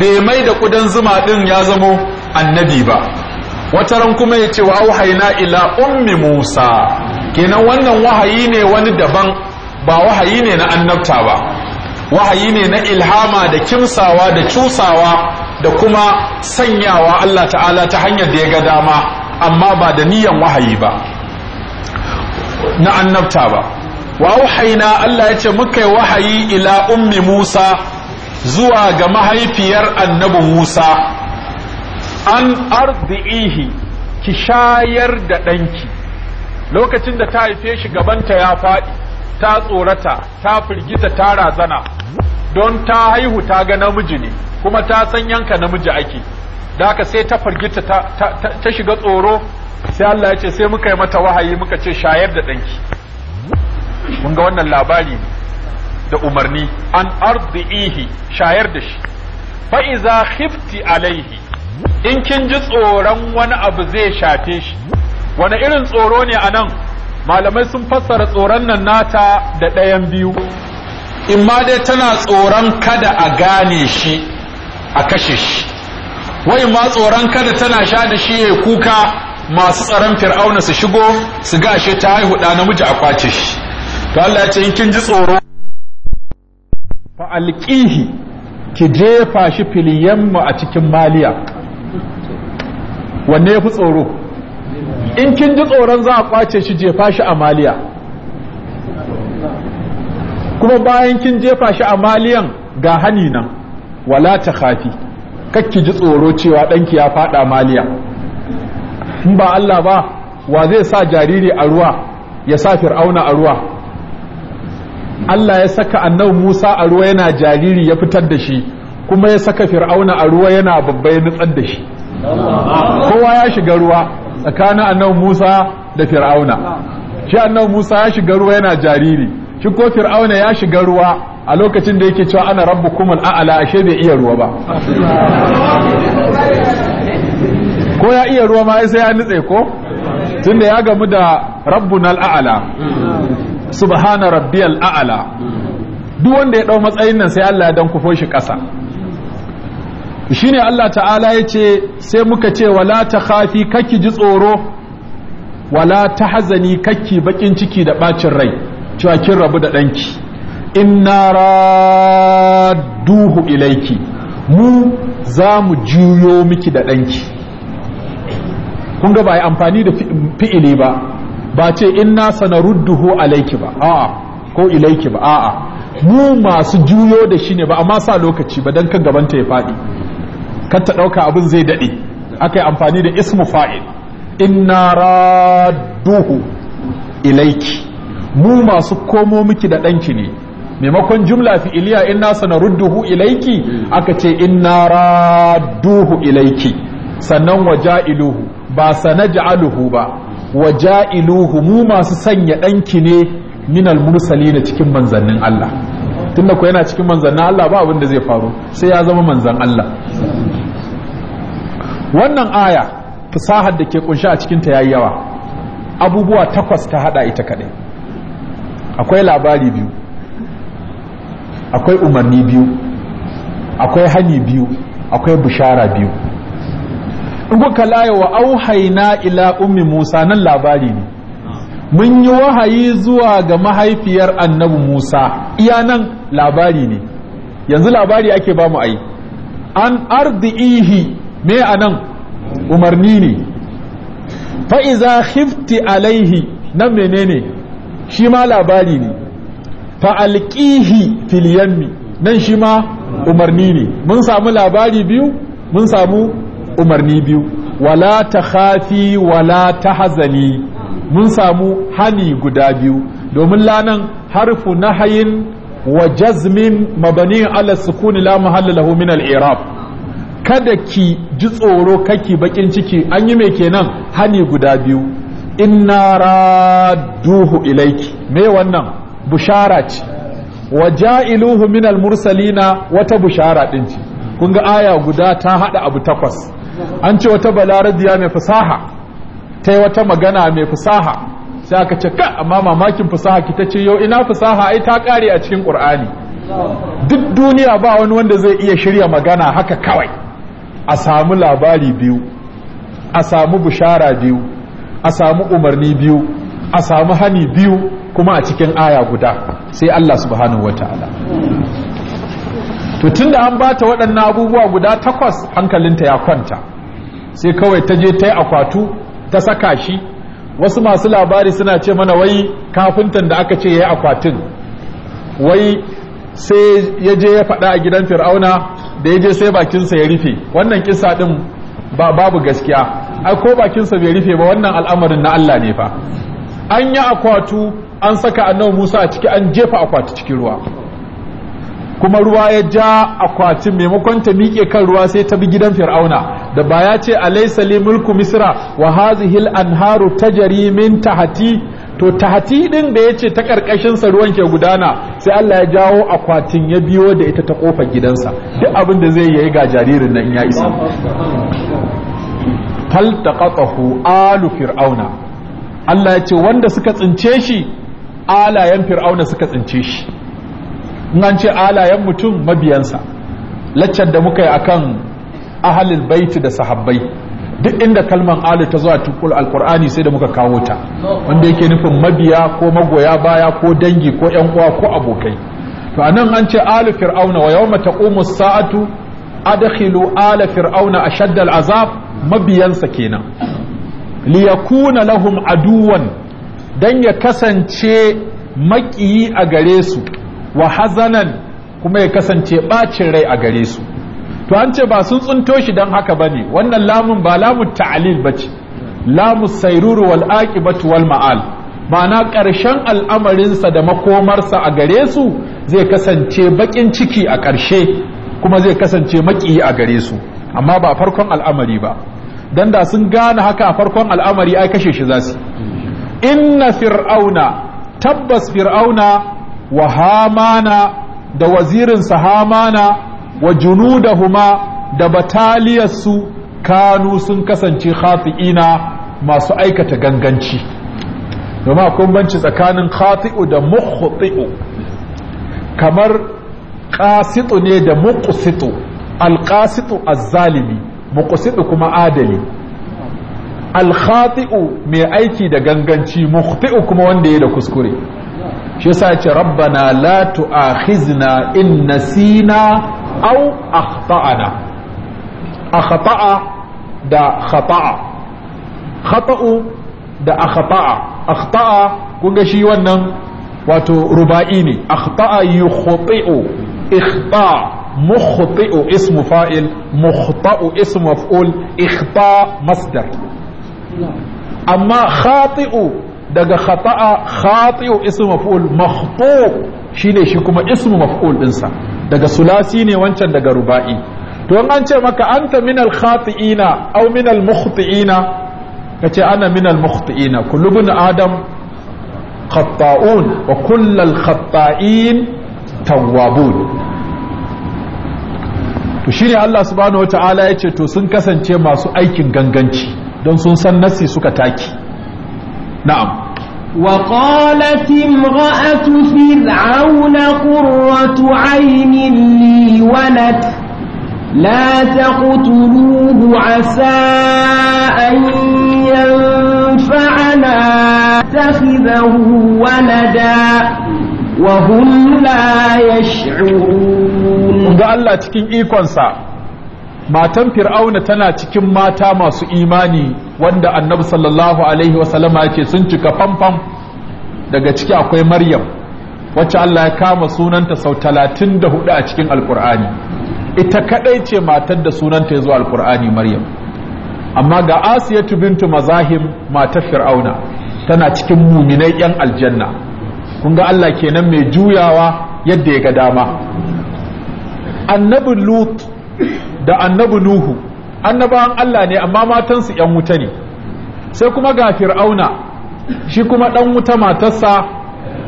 bai mai da ƙudan zuma ɗin ya zamo annabi ba wata ran kuma ya ce wa auhaina ila ummi musa kenan wannan wahayi ne wani daban ba wahayi ne na annabta ba wahayi ne na ilhama da kimsawa da cusawa da kuma sanyawa Allah ta'ala ta hanyar da ya ga dama amma ba da niyan wahayi ba na annabta ba wa auhaina Allah ya ce muka yi wahayi ila ummi Musa zuwa ga mahaifiyar annabi Musa an ardi'ihi ki shayar da ɗanki lokacin da ta haife shi gabanta ya faɗi ta tsorata ta firgita ta razana don ta haihu ta ga namiji ne kuma ta san yanka namiji ake da aka sai ta firgita ta shiga tsoro sai Allah ya ce sai muka yi mata wahayi muka ce shayar da ɗanki mun ga wannan labari da umarni an ihi shayar da shi fa iza khifti alaihi in kin ji tsoron wani abu zai shafe shi wani irin tsoro ne anan malamai sun fassara tsoron nan nata da ɗayan biyu in ma dai tana tsoron kada a gane shi a kashe shi wai ma tsoron kada tana sha da shi ya kuka masu tsaron fir'auna su shigo su gashe ta haihu ɗa namiji a kwace shi to Allah ya ce in kin ji tsoro fa alqihi ki jefa shi filiyan mu a cikin maliya wanne yafi tsoro in kin ji tsoron za a kwace shi jefa shi amaliya kuma bayan kin jefa shi amaliyan ga hani nan wala ta khafi kakki ji tsoro cewa danki ya faɗa maliya in ba Allah ba wa zai sa jariri a ruwa ya sa fir'auna a ruwa Allah ya saka annabi Musa a ruwa yana jariri ya fitar da shi kuma ya saka fir'auna a ruwa yana babba nutsar da shi kowa ya shiga ruwa tsakanin annabi Musa da Fir'auna shi annabi Musa ya shiga ruwa yana jariri shi ko Fir'auna ya shiga ruwa a lokacin da yake cewa ana rabbukum al'ala ashe bai iya ruwa ba ko ya iya ruwa ma sai ya nitse ko tunda ya gamu da rabbuna al'ala subhana rabbiyal a'la duk wanda ya dau matsayin nan sai Allah ya dan kufo shi ƙasa ne Allah ta'ala ya ce sai muka ce wala ta khafi kaki ji tsoro wala ta hazani kaki bakin ciki da bacin rai cewa kin rabu da ɗanki inna raduhu ilaiki mu za mu juyo miki da ɗanki kun ga ba yi amfani da fi'ili ba ba ce inna sanarudduhu alaiki ba a'a ko ilaiki ba a'a mu masu juyo da shi ne ba amma sa lokaci ba don kan gabanta ya faɗi kar ta ɗauka abin zai daɗe aka yi amfani da ismu fa'il inna Raduhu ilaiki mu masu komo miki da ɗanki ne maimakon jumla fi'iliya inna sanarudduhu ilaiki aka ce inna radduhu ilaiki sannan waja'iluhu ba sanaj'aluhu ba waja'iluhu mu masu sanya ɗanki ne minal mursali na cikin manzannin Allah tunda ko yana cikin manzan Allah ba abin da zai faru sai ya zama manzan Allah wannan aya fasahar da ke kunshi a cikinta yayi yawa abubuwa takwas ta hada ita kadai akwai labari biyu akwai umarni biyu akwai hani biyu akwai bishara biyu in kuka laye auhaina ila ummi musa nan labari ne mun yi wahayi zuwa ga mahaifiyar annabi Musa iya nan labari ne yanzu labari ake ba mu ai an ardihi me anan umarni ne fa iza khifti alaihi nan menene shi ma labari ne fa alqihi fil yammi nan shi ma umarni ne mun samu labari biyu mun samu umarni biyu wala ta takhafi wala tahzani mun samu hani guda biyu domin lanan harfu na hayin wa jazmin mabani ala sukuni la mahalla lahu min al i'rab kada ki ji tsoro kaki bakin ciki an yi me kenan hani guda biyu inna radduhu ilayki me wannan bushara ce wa ja'iluhu min al mursalina wata bushara din ce kun ga aya guda ta hada abu takwas an ce wata balaradiya mai fasaha ta yi wata magana mai fasaha sai aka ce ka amma mamakin fasaha ki ta ce yau ina fasaha ai ta kare a cikin qur'ani duk duniya ba wani wanda zai iya shirya magana haka kawai a samu labari biyu a samu bushara biyu a samu umarni biyu a samu hani biyu kuma a cikin aya guda sai Allah subhanahu wataala to tunda an bata waɗannan abubuwa guda takwas hankalinta ya kwanta sai kawai ta je ta yi akwatu ta saka shi wasu masu labari suna ce mana wai kafintan da aka ce ya yi akwatin wai sai ya je ya faɗa a gidan fir'auna da ya je sai bakinsa ya rufe wannan kisa ɗin ba babu gaskiya ai ko bakinsa bai rufe ba wannan al'amarin na Allah ne fa an yi akwatu an saka annabi Musa a ciki an jefa akwati cikin ruwa kuma ruwa ya ja akwatin maimakon ta miƙe kan ruwa sai ta bi gidan fir'auna da ba ya ce a li mulku misra wa hazihi anharu tajri min tahati, to tahati din da yace ta karkashin sa ruwan ke gudana sai Allah ya jawo akwatin ya biyo da ita ta kofar gidansa duk abin da zai yi ga jaririn nan ya isa faltaqatahu alu fir'auna Allah ya ce wanda suka tsince shi alayen fir'auna suka tsince shi in an ce alayen mutum mabiyansa laccar da muka yi akan ahalil baiti da sahabbai duk inda kalman alu ta zuwa tukul alkur'ani sai da muka kawo ta wanda yake nufin mabiya ko magoya baya ko dangi ko yan uwa ko abokai to anan an ce alu fir'auna wa yawma taqumu sa'atu adkhilu ala fir'auna a ashadda al'azab mabiyansa kenan li yakuna lahum aduwan dan ya kasance maƙiyi a gare su wa hazanan kuma ya kasance ɓacin rai a gare su to an ce ba sun tsunto shi don haka bane wannan lamun ba lamu ta'alil ba bace Lamu sairuru wal aqibatu wal ma'al ma'ana ƙarshen al'amarinsa da makomarsa a gare su zai kasance baƙin ciki a ƙarshe kuma zai kasance maƙiyi a gare su amma ba farkon al'amari ba dan da sun gane haka a farkon al'amari ai kashe shi za su inna fir'auna tabbas fir'auna wa hamana da wazirinsa hamana wa junudahuma da bataliyarsu kanu sun kasance khati'ina masu aikata ganganci domin akwai banci tsakanin khati'u da mukhti'u kamar qasitu ne da muqsitu alqasitu azzalimi muqsitu kuma adali alkhati'u mai aiki da ganganci mukhti'u kuma wanda ya da kuskure shi yasa ce rabbana la tu'akhizna in nasina aw akhta'ana akhta'a da khata'a khata'u da akhta'a akhta'a kun shi wannan wato ruba'i ne akhta'a yukhti'u ikhta' mukhti'u ismu fa'il mukhta'u ismu maf'ul ikhta' masdar amma khati'u daga khata'a khati'u ismu maf'ul makhtu shine shi kuma ismu maf'ul dinsa daga sulasi ne wancan daga ruba'i to an ce maka anta min al khati'ina aw min al mukhti'ina kace ana min al mukhti'ina kullu bin adam khata'un wa kullu al khata'in tawwabun to shine Allah subhanahu wataala yace to sun kasance masu aikin ganganci don sun san nasi suka taki na'am وقالت امرأة فرعون قرة عين لي ولك لا تقتلوه عسى أن ينفعنا اتخذه ولدا وهم لا يشعرون قال الله تكين إيكونسا matan fir'auna tana cikin mata masu imani wanda annabi sallallahu alaihi wasallama yake sun cika famfam daga ciki akwai maryam wacce Allah ya kama sunanta sau talatin da hudu a cikin alkur'ani ita kadai ce matar da sunanta ya zo alkur'ani maryam amma ga asiyatu bintu mazahim matar fir'auna tana cikin muminai yan aljanna kun ga Allah kenan mai juyawa yadda ya ga dama annabi lut da annabi nuhu annabawan Allah ne amma matansu ‘yan wuta ne sai kuma ga fir'auna shi kuma ɗan wuta matarsa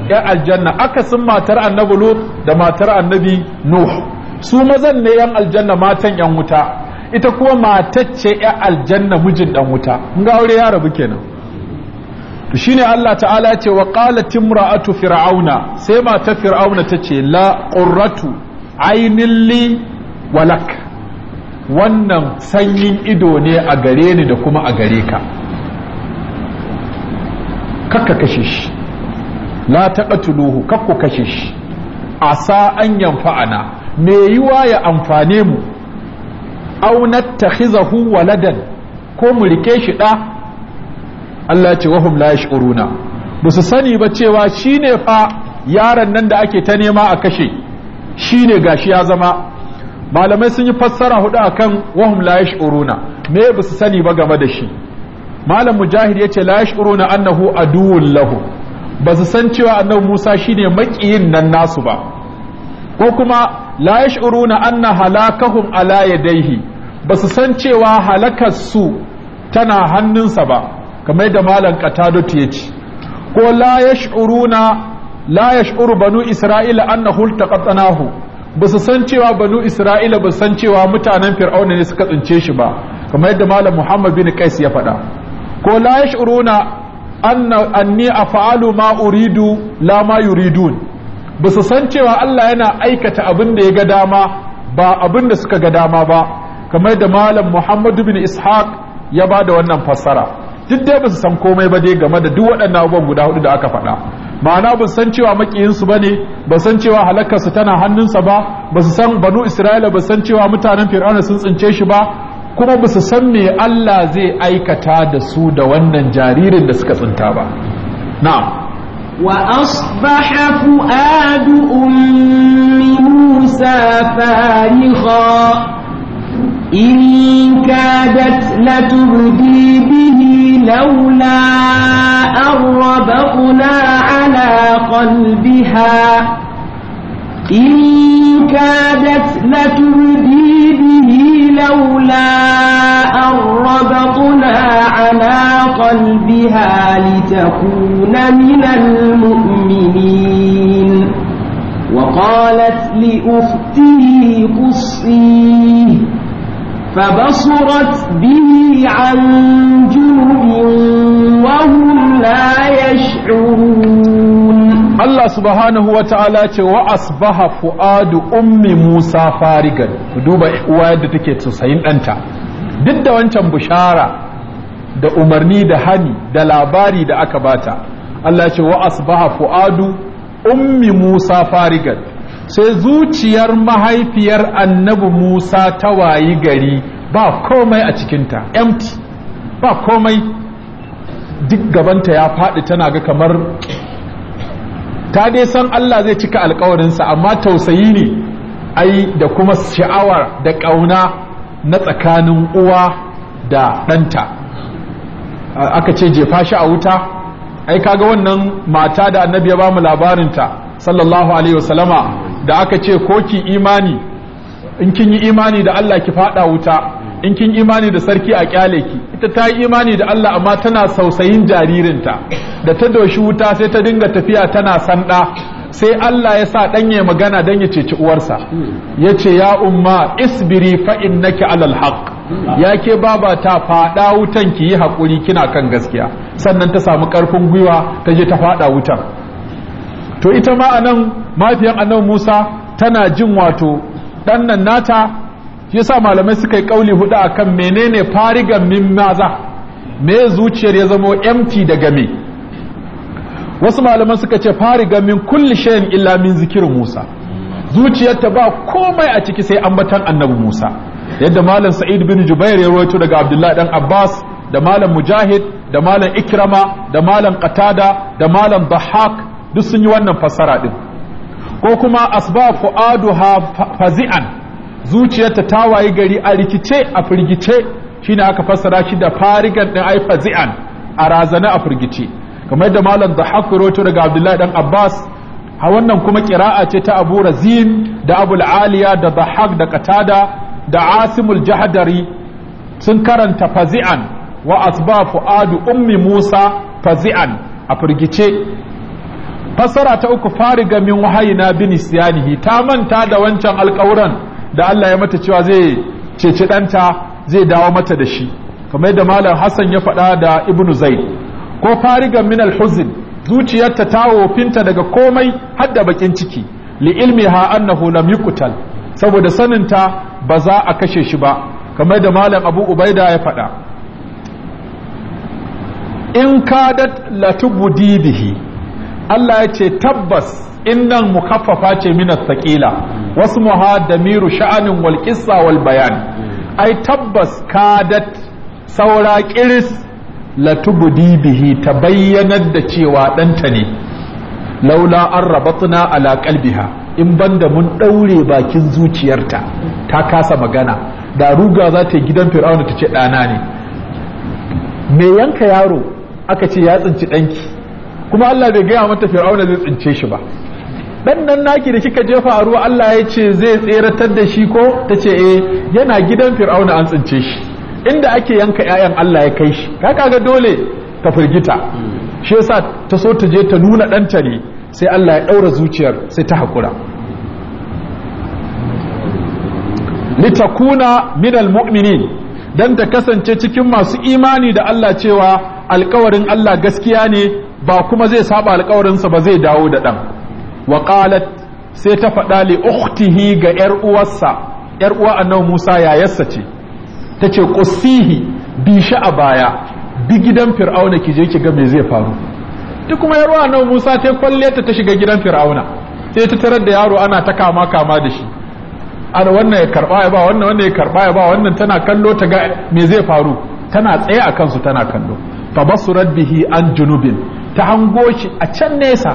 ‘yan aljanna akasin matar annabi lut da matar annabi nuhu su mazan ne ‘yan aljanna matan ‘yan wuta ita kuma matacce ‘yan aljanna mijin ɗan wuta ga aure ya rabu kenan to shine Allah ta'ala ce wa qalat imra'atu fir'auna sai matar fir'auna ta ce la qurratu ainin li walak wannan sanyin ido ne a gare ni da kuma a gare ka kakka kashe shi la tuluhu kakku kashe shi asa an yanfa'ana me yiwa ya amfane mu aw nattakhizahu waladan ko mu rike shi ɗa? Allah ya ce wahum la yash'uruna basu sani ba cewa shine fa yaron nan da ake ta nema a kashe shine gashi ya zama malamai sun yi fassara hudu a kan wahum la uruna. me ba su sani ba game da shi malam mujahid ya ce la yash'uruna annahu aduwwun lahu ba su san cewa annabi Musa shine makiyin nan nasu ba ko kuma la yash'uruna anna halakahun ala yadayhi ba su san cewa halakar su tana hannunsa ba kamar da malam ya ce. ko la yash'uruna la yash'uru banu isra'ila annahu iltaqatnahu ba su san cewa banu isra'ila ba san cewa mutanen fir'auna ne suka tsince shi ba kamar yadda malam muhammad bin qais ya faɗa ko la yash'uruna anna anni af'alu ma uridu la ma yuridun ba su san cewa Allah yana aikata abin da ya ga dama ba abin da suka ga dama ba kamar da malam muhammad bin ishaq ya ba da wannan fassara duk dai ba su san komai ba dai game da duk waɗannan abubuwan guda hudu da aka faɗa ma'ana ba san cewa makiyinsu ba ne ba san cewa halakarsu tana hannunsa ba ba su san banu isra'ila ba san cewa mutanen fir'auna sun tsince shi ba kuma ba su san me allah zai aikata da su da wannan jaririn da suka tsinta ba na'am وأصبح فؤاد إن كادت لتبدي به لولا أربطنا على قلبها إن كادت لتردي به لولا أربطنا على قلبها لتكون من المؤمنين وقالت لأخته قصيه فبصرت به عن جنوب وهم لا يشعرون الله سبحانه وتعالى وأصبح فؤاد أم موسى فارغا دوبا واد تكيت سين أنت duk da wancan bishara da umarni da hani da labari da aka bata Allah ce wa asbaha fuadu ummi Musa farigat sai zuciyar mahaifiyar annabi musa ta wayi gari ba komai a cikinta empty ba komai duk gabanta ya faɗi tana ga kamar ta dai san allah zai cika alkawarinsa amma tausayi ne ai da kuma sha'awar da ƙauna na tsakanin uwa da ɗanta aka ce jefa shi a wuta ai kaga wannan mata da annabi ya ba mu labarinta sallallahu alaihi wasallama da aka ce ko ki imani in kin yi imani da Allah ki fada wuta in kin imani da sarki a kyale ki ita ta yi imani da Allah amma tana sausayin jaririnta da ta doshi wuta sai ta dinga tafiya tana sanda sai Allah ya sa dan ya magana dan ya ceci uwarsa ya ce ya umma isbiri fa innaki alal haqq ya ke baba ta fada wutan ki yi hakuri kina kan gaskiya sannan ta samu karfin gwiwa ta je ta fada wutan to ita ma a nan mafiyan annabi musa tana jin wato ɗannan nan nata shi yasa malamai suka yi ƙauli hudu akan menene farigan min maza me zuciyar ya zamo empty da game wasu malamai suka ce farigan min kulli shay'in illa min zikirin musa zuciyarta ba komai a ciki sai ambatan annabi musa yadda malam sa'id bin jubair ya rawaito daga abdullahi dan abbas da malam mujahid da malam ikrama da malam qatada da malam bahak duk sun yi wannan fassara din ko kuma asba fu'aduha fazi'an zuciyarta ta wayi gari a rikice a firgice shine aka fassara shi da farigan din ai fazi'an a razana a firgice kamar da malam da to daga abdullahi dan abbas ha wannan kuma kira'a ce ta abu razin da abul aliya da dahak da katada da asimul jahadari sun karanta fazi'an wa asba fu'adu ummi musa fazi'an a firgice fassara ta uku fariga min wahayina bin isyanihi ta manta da wancan alƙawuran da Allah ya mata cewa zai ceci ɗanta zai dawo mata da shi kamar yadda malam Hassan ya faɗa da Ibn Zaid ko fariga min alhuzn zuciyarta ta wofinta daga komai har da bakin ciki li ilmiha annahu lam yuqtal saboda saninta ba za a kashe shi ba kamar da malam Abu Ubaida ya faɗa in kadat latubudi bihi Allah ya ce tabbas innan mukaffafa ce min thaqila wasu muha sha'anin wal qissa wal bayan ai tabbas kadat saura kiris Latubu bihi ta bayyanar da cewa ɗanta ne laula an rabatna ala qalbiha in banda mun ɗaure bakin zuciyarta ta kasa magana da ruga za ta gidan fir'auna ta ce ɗana ne me yanka yaro aka ce ya tsinci ɗanki kuma Allah bai gaya mata fir'auna zai tsince shi ba dan nan naki da kika jefa a ruwa Allah ya ce zai tseratar da shi ko ta ce eh yana gidan fir'auna an tsince shi inda ake yanka 'ya'yan Allah ya kai shi ka kaga dole ta firgita shi yasa ta so ta je ta nuna ɗanta ne sai Allah ya ɗaura zuciyar sai ta haƙura litakuna minal mu'minin dan ta kasance cikin masu imani da Allah cewa alkawarin Allah gaskiya ne ba kuma zai saba alkawarinsa ba zai dawo da ɗan wa sai ta faɗa li ukhtihi ga ƴar uwarsa ƴar uwa annabi Musa yayarsa ce ta ce qussihi bi shi a baya bi gidan fir'auna ki je ki ga me zai faru ta kuma ‘yar uwa annabi Musa ta kwalle ta ta shiga gidan fir'auna sai ta tarar da yaro ana ta kama kama da shi ana wannan ya karba ya ba wannan wannan ya karba ya ba wannan tana kallo ta ga me zai faru tana tsaye a kansu tana kallo fa basurat bihi an junubin ta hango shi a can nesa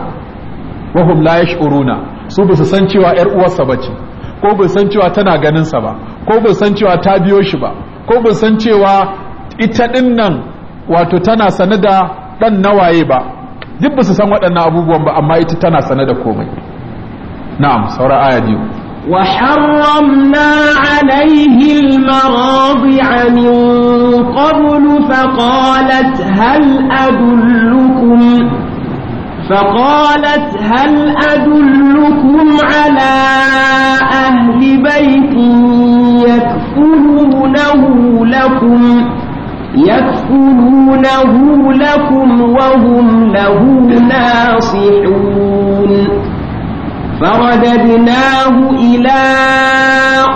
wahum la yash'uruna su ba su san cewa yar uwarsa bace ko bai san cewa tana ganin sa ba ko bai san cewa ta biyo shi ba ko bai san cewa ita din nan wato tana sane da dan nawaye ba duk ba san waɗannan abubuwan ba amma ita tana sane da komai na'am saura aya biyu وحرمنا عليه المراضع من قبل فقالت هل أدلكم فقالت هل أدلكم على أهل بيت يكفلونه لكم يكفلونه لكم وهم له ناصحون فرددناه إلى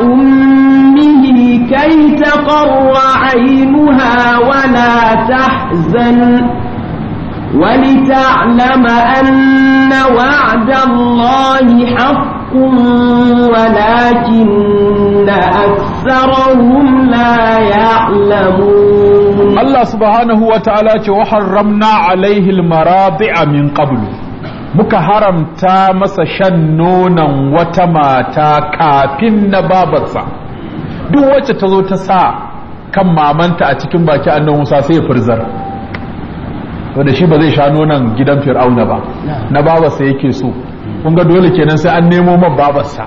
أمه كي تقر عينها ولا تحزن ولتعلم أن وعد الله حق ولكن أكثرهم لا يعلمون الله سبحانه وتعالى وحرمنا عليه المراضع من قبل muka haramta masa shan nonon wata mata kafin na babarsa duk wacce ta zo ta sa kan mamanta a cikin baki a musa sai ya firzar da shi ba zai sha nonon gidan fir'auna ba na babarsa yake so kun ga dole kenan sai an nemo man babarsa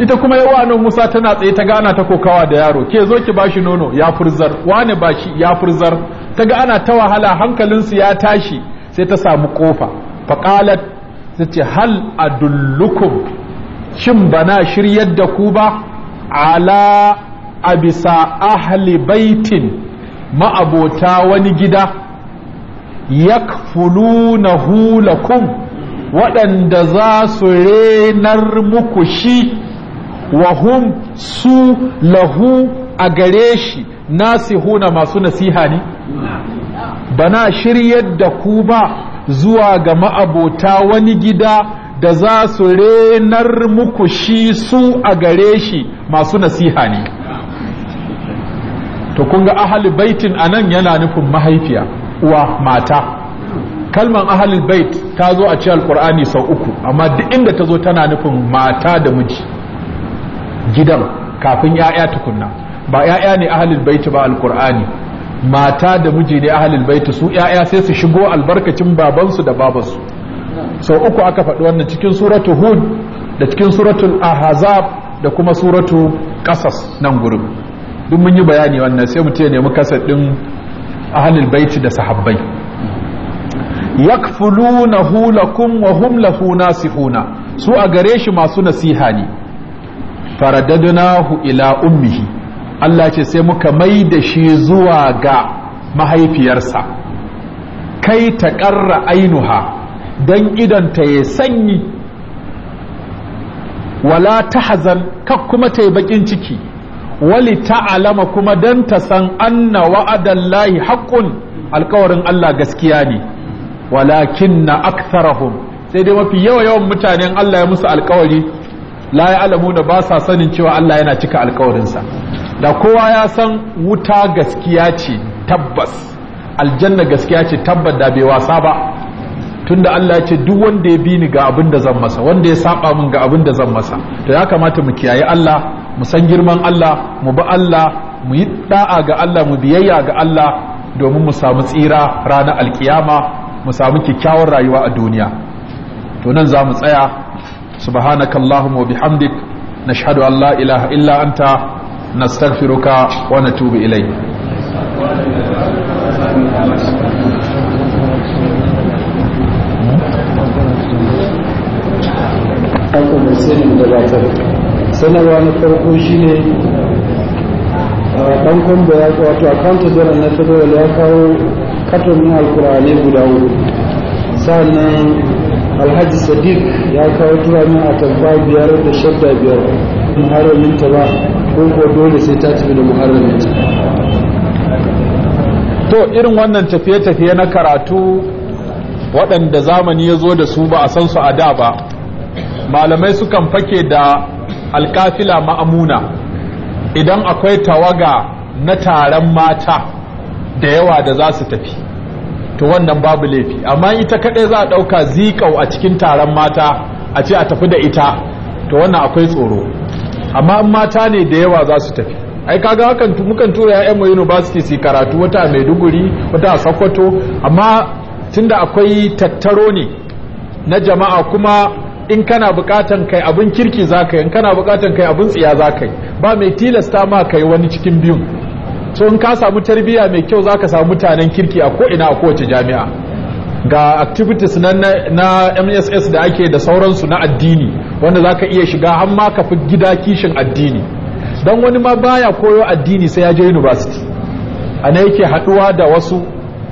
ita kuma yawa nan musa tana tsaye ta gana ta kokawa da yaro ke zo ki bashi nono ya furzar wane bashi ya furzar ta ana ta wahala hankalinsu ya tashi sai ta samu kofa faƙalat ta ce hal adullukum shin bana shiryar da ku ba ala a bisa ahli baitin ma'abota wani gida yakfulunahu lakum waɗanda za su renar muku shi wahum su lahu a gare shi nasihuna masu nasiha ne bana shiryar da ku ba zuwa ga ma'abota wani gida da za su renar muku shi su a gare shi masu nasiha ne to kun ga ahli baitin anan yana nufin mahaifiya uwa mata kalman ahli bait ta zo a cikin alkur'ani sau uku amma duk inda ta zo tana nufin mata da miji gidan kafin 'ya'ya tukunna ba 'ya'ya ne ahalin bait ba alkur'ani mata da miji ne ahalil baiti su yaya sai su shigo albarkacin babansu da babansu sau uku aka faɗi wannan cikin suratu hud da cikin suratul ahzab da kuma suratu qasas nan gurin duk mun yi bayani wannan sai mutum ne nemi kasar din ahalil baiti da sahabbai yakfuluna hulakum wa hum lahu nasihuna su a gare shi masu nasiha ne faradadnahu ila ummihi Allah ce sai muka mai da shi zuwa ga mahaifiyarsa kai ta ƙarra ainuha don idonta ya sanyi wala ta hazan kak kuma ta yi baƙin ciki wali ta alama kuma don ta san anna lahi haƙƙun alkawarin Allah gaskiya ne walakin na aktharahum sai dai mafi yawa yawan mutanen Allah ya musu alkawari la ya alamu da ba sa sanin cewa Allah yana cika alkawarinsa da kowa ya san wuta gaskiya ce tabbas aljanna gaskiya ce tabbas da bai wasa ba tunda Allah ya ce duk wanda ya bi ni ga abin da zan masa wanda ya saba min ga abin da zan masa to ya kamata mu kiyaye Allah mu san girman Allah mu bi Allah mu yi da'a ga Allah mu biyayya ga Allah domin mu samu tsira ranar alkiyama mu samu kyakkyawar rayuwa a duniya to nan za mu tsaya subhanakallahumma wa bihamdik nashhadu an la ilaha illa anta nastaghfiruka wa natubu sanarwa na farko shine a bankon da ya wato akanta jiran na federal ya kawo katon alkur'ani guda hudu sannan alhaji sadiq ya kawo turami a tabba biyar da shadda biyar muharraminta ba ko ko dole sai ta tafi da muharraminta to irin wannan tafiye-tafiye na karatu waɗanda zamani ya zo da su ba a san su a da ba malamai sukan fake da alƙafila ma'amuna idan akwai tawaga na taron mata da yawa da za su tafi to wannan babu laifi amma ita kaɗai za a ɗauka zikau a cikin taron mata a ce a tafi da ita to wannan akwai tsoro amma in mata ne da yawa za su tafi ai kaga hakan mukan tura ya'yan mu university su karatu wata a Maiduguri wata a Sokoto amma tunda akwai tattaro ne na jama'a kuma in kana bukatan kai abin kirki zaka yi in kana bukatan kai abin tsiya zaka yi ba mai tilasta ma kai wani cikin biyun so in ka samu tarbiyya mai kyau zaka samu mutanen kirki a ko ina a kowace jami'a ga activities na, na mss da ake da sauransu na addini wanda za ka iya shiga har ma ka fi gida kishin addini don wani ma baya koyo addini sai ya je university a na yake haɗuwa da wasu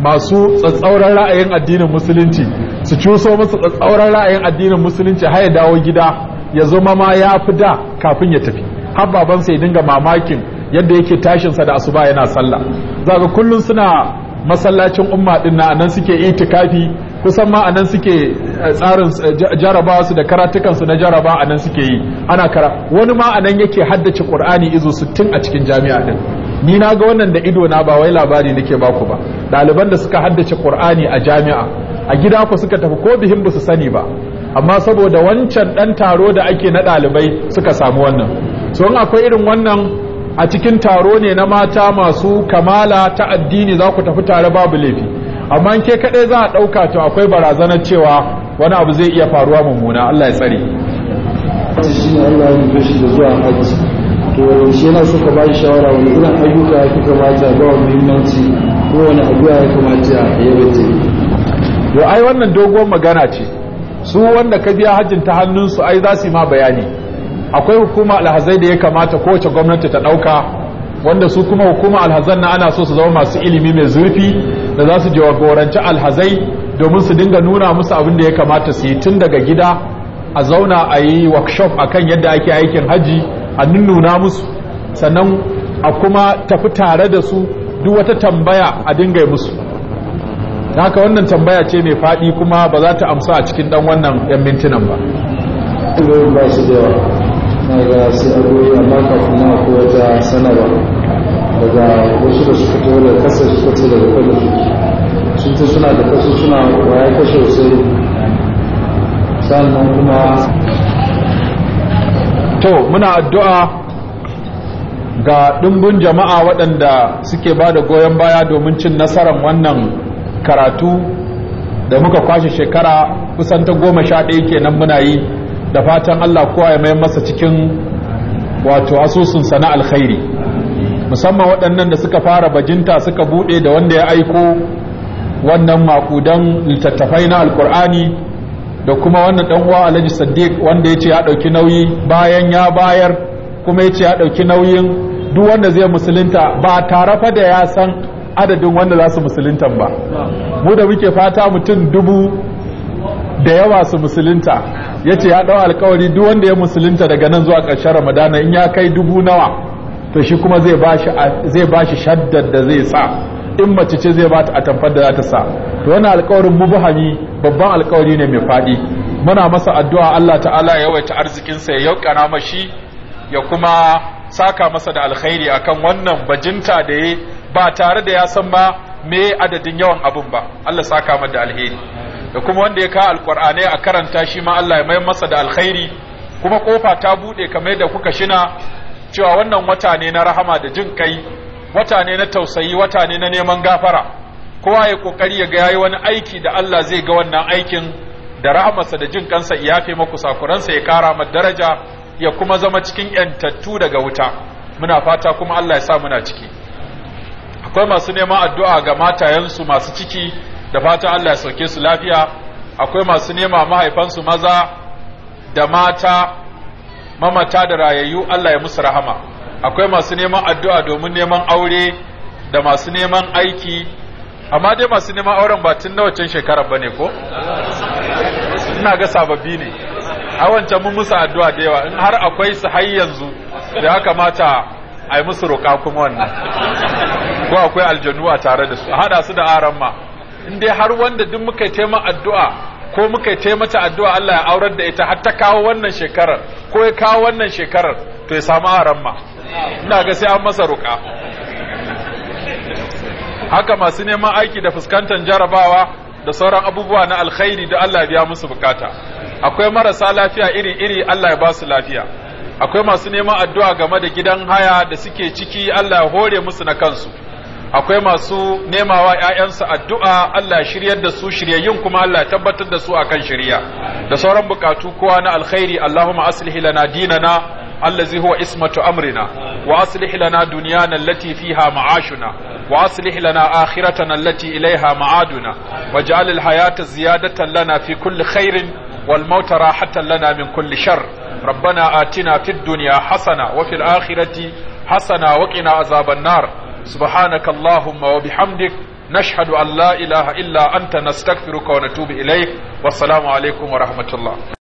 masu tsatsauran ra'ayin addinin musulunci su cuso musu tsatsauran ra'ayin addinin musulunci har ya dawo gida ya zama ma ya fi da kafin ya tafi har babansa ya dinga mamakin yadda yake tashinsa da asuba yana sallah za ga kullum suna masallacin umma din na anan suke itikafi kusan ma anan suke eh, tsarin eh, jaraba su da karatukan su na jaraba anan suke yi ana kara wani ma anan yake haddace qur'ani izo 60 a cikin jami'a din ni na ga wannan da ido na ba wai labari nake baku ba daliban da suka haddace qur'ani a jami'a a gida ku suka tafi ko bihin ba su sani ba amma saboda wancan dan taro da ake na ɗalibai suka samu wannan so in akwai irin wannan a cikin taro ne na mata masu kamala ta addini za ku tafi tare babu laifi amma ke kaɗai za a ɗauka to akwai barazanar cewa wani abu zai iya faruwa mummuna Allah ya tsare to yana suka ba shawara wani irin ayyuka ya kamata ba muhimmanci ko wani abuwa ya kamata ya bace to ai wannan doguwar magana ce su wanda ka biya hajjin ta hannunsu ai za su yi ma bayani akwai hukuma alhazai da ya kamata kowace gwamnati ta ɗauka wanda su kuma hukuma alhazan na ana so su zama masu ilimi mai zurfi da za su jagoranci alhazai domin su dinga nuna musu abin da ya kamata su yi tun daga gida a zauna a yi workshop akan yadda ake aikin haji a nunnuna musu sannan a kuma tafi tare da su duk wata tambaya a dinga musu haka wannan tambaya ce mai faɗi kuma ba za ta amsa a cikin dan wannan 'yan mintunan ba na ga sai a goyi amma kafin na ko wata sanarwa daga wasu da suka fito da kasa suka ce daga kwallo sun ce suna da kasu suna waya kashe sai sannan kuma to muna addu'a ga ɗimbin jama'a waɗanda suke ba da goyon baya domin cin nasarar wannan karatu da muka kwashe shekara kusan ta goma sha ɗaya kenan muna yi da fatan Allah kowa ya mayar masa cikin wato asusun na alkhairi musamman waɗannan da suka fara bajinta suka buɗe da wanda ya aiko wannan makudan littattafai na alkur'ani da kuma wannan dan uwa Alhaji Sadiq wanda ya yace ya ɗauki nauyi bayan ya bayar kuma yace ya ɗauki nauyin duk wanda zai musulunta ba tare fa da ya san adadin wanda za su musulunta ba mu da muke fata mutum dubu da yawa su musulunta ya ce ya ɗau alkawari duk wanda ya musulunta daga nan zuwa ƙarshen ramadana in ya kai dubu nawa to shi kuma zai ba shi shaddar da zai sa in mace ce zai ba ta a tamfar da za ta sa to wani alkawarin mubahami babban alkawari ne mai faɗi muna masa addu'a Allah ta'ala ya yawaita arzikinsa ya yaukana mashi ya kuma saka masa da alkhairi akan wannan bajinta da ya ba tare da ya san ma me adadin yawan abun ba Allah saka masa da alheri da kuma wanda ya kawo alkur'anai a karanta shi ma Allah ya mai masa da alkhairi kuma kofa ta bude kamar da kuka shina cewa wannan wata ne na rahama da jin kai wata ne na tausayi wata ne na neman gafara kowa ya kokari ya ga yayi wani aiki da Allah zai ga wannan aikin da rahamarsa da jin kansa ya fi maku sakuransa ya kara ma daraja ya kuma zama cikin yantattu daga wuta muna fata kuma Allah ya sa muna ciki akwai masu neman addu'a ga matayensu masu ciki da fatan Allah ya sauke su lafiya akwai masu nema mahaifansu maza da mata mamata da rayayyu Allah ya musu rahama akwai masu neman addu'a domin neman aure da masu neman aiki amma dai masu neman auren ba tun nawa can shekara ba ne ko? ina ga sababbi ne a wancan mun musu addu'a da yawa in har akwai su har yanzu da ya kamata a yi musu roƙa kuma wannan ko akwai aljanuwa a tare da su hada su da aran ma in dai har wanda duk muka yi taimaka addu'a ko muka yi addu'a Allah ya aurar da ita har ta kawo wannan shekarar ko ya kawo wannan shekarar to ya samu haram ma ina ga sai an masa ruka haka masu neman aiki da fuskantar jarabawa da sauran abubuwa na alkhairi da Allah ya biya musu bukata akwai marasa lafiya iri-iri Allah ya ba su lafiya akwai masu neman addu'a game da gidan haya da suke ciki Allah ya hore musu na kansu akwai masu nemawa ‘ya'yansu addu'a Allah shiryar da su shiryayyun kuma Allah tabbatar da su akan shirya da sauran bukatu kowa na alkhairi Allahumma aslihi lana dinana allazi huwa ismatu amrina wa aslih lana dunyana allati fiha ma'ashuna wa aslih lana akhiratana allati ilaiha ma'aduna waj'al al-hayata ziyadatan lana fi kulli khairin wal mauta rahatan lana min kulli shar ربنا آتنا في الدنيا حسنة وفي الآخرة حسنة وقنا عذاب النار سبحانك اللهم وبحمدك نشهد أن لا إله إلا أنت نستغفرك ونتوب إليك والسلام عليكم ورحمة الله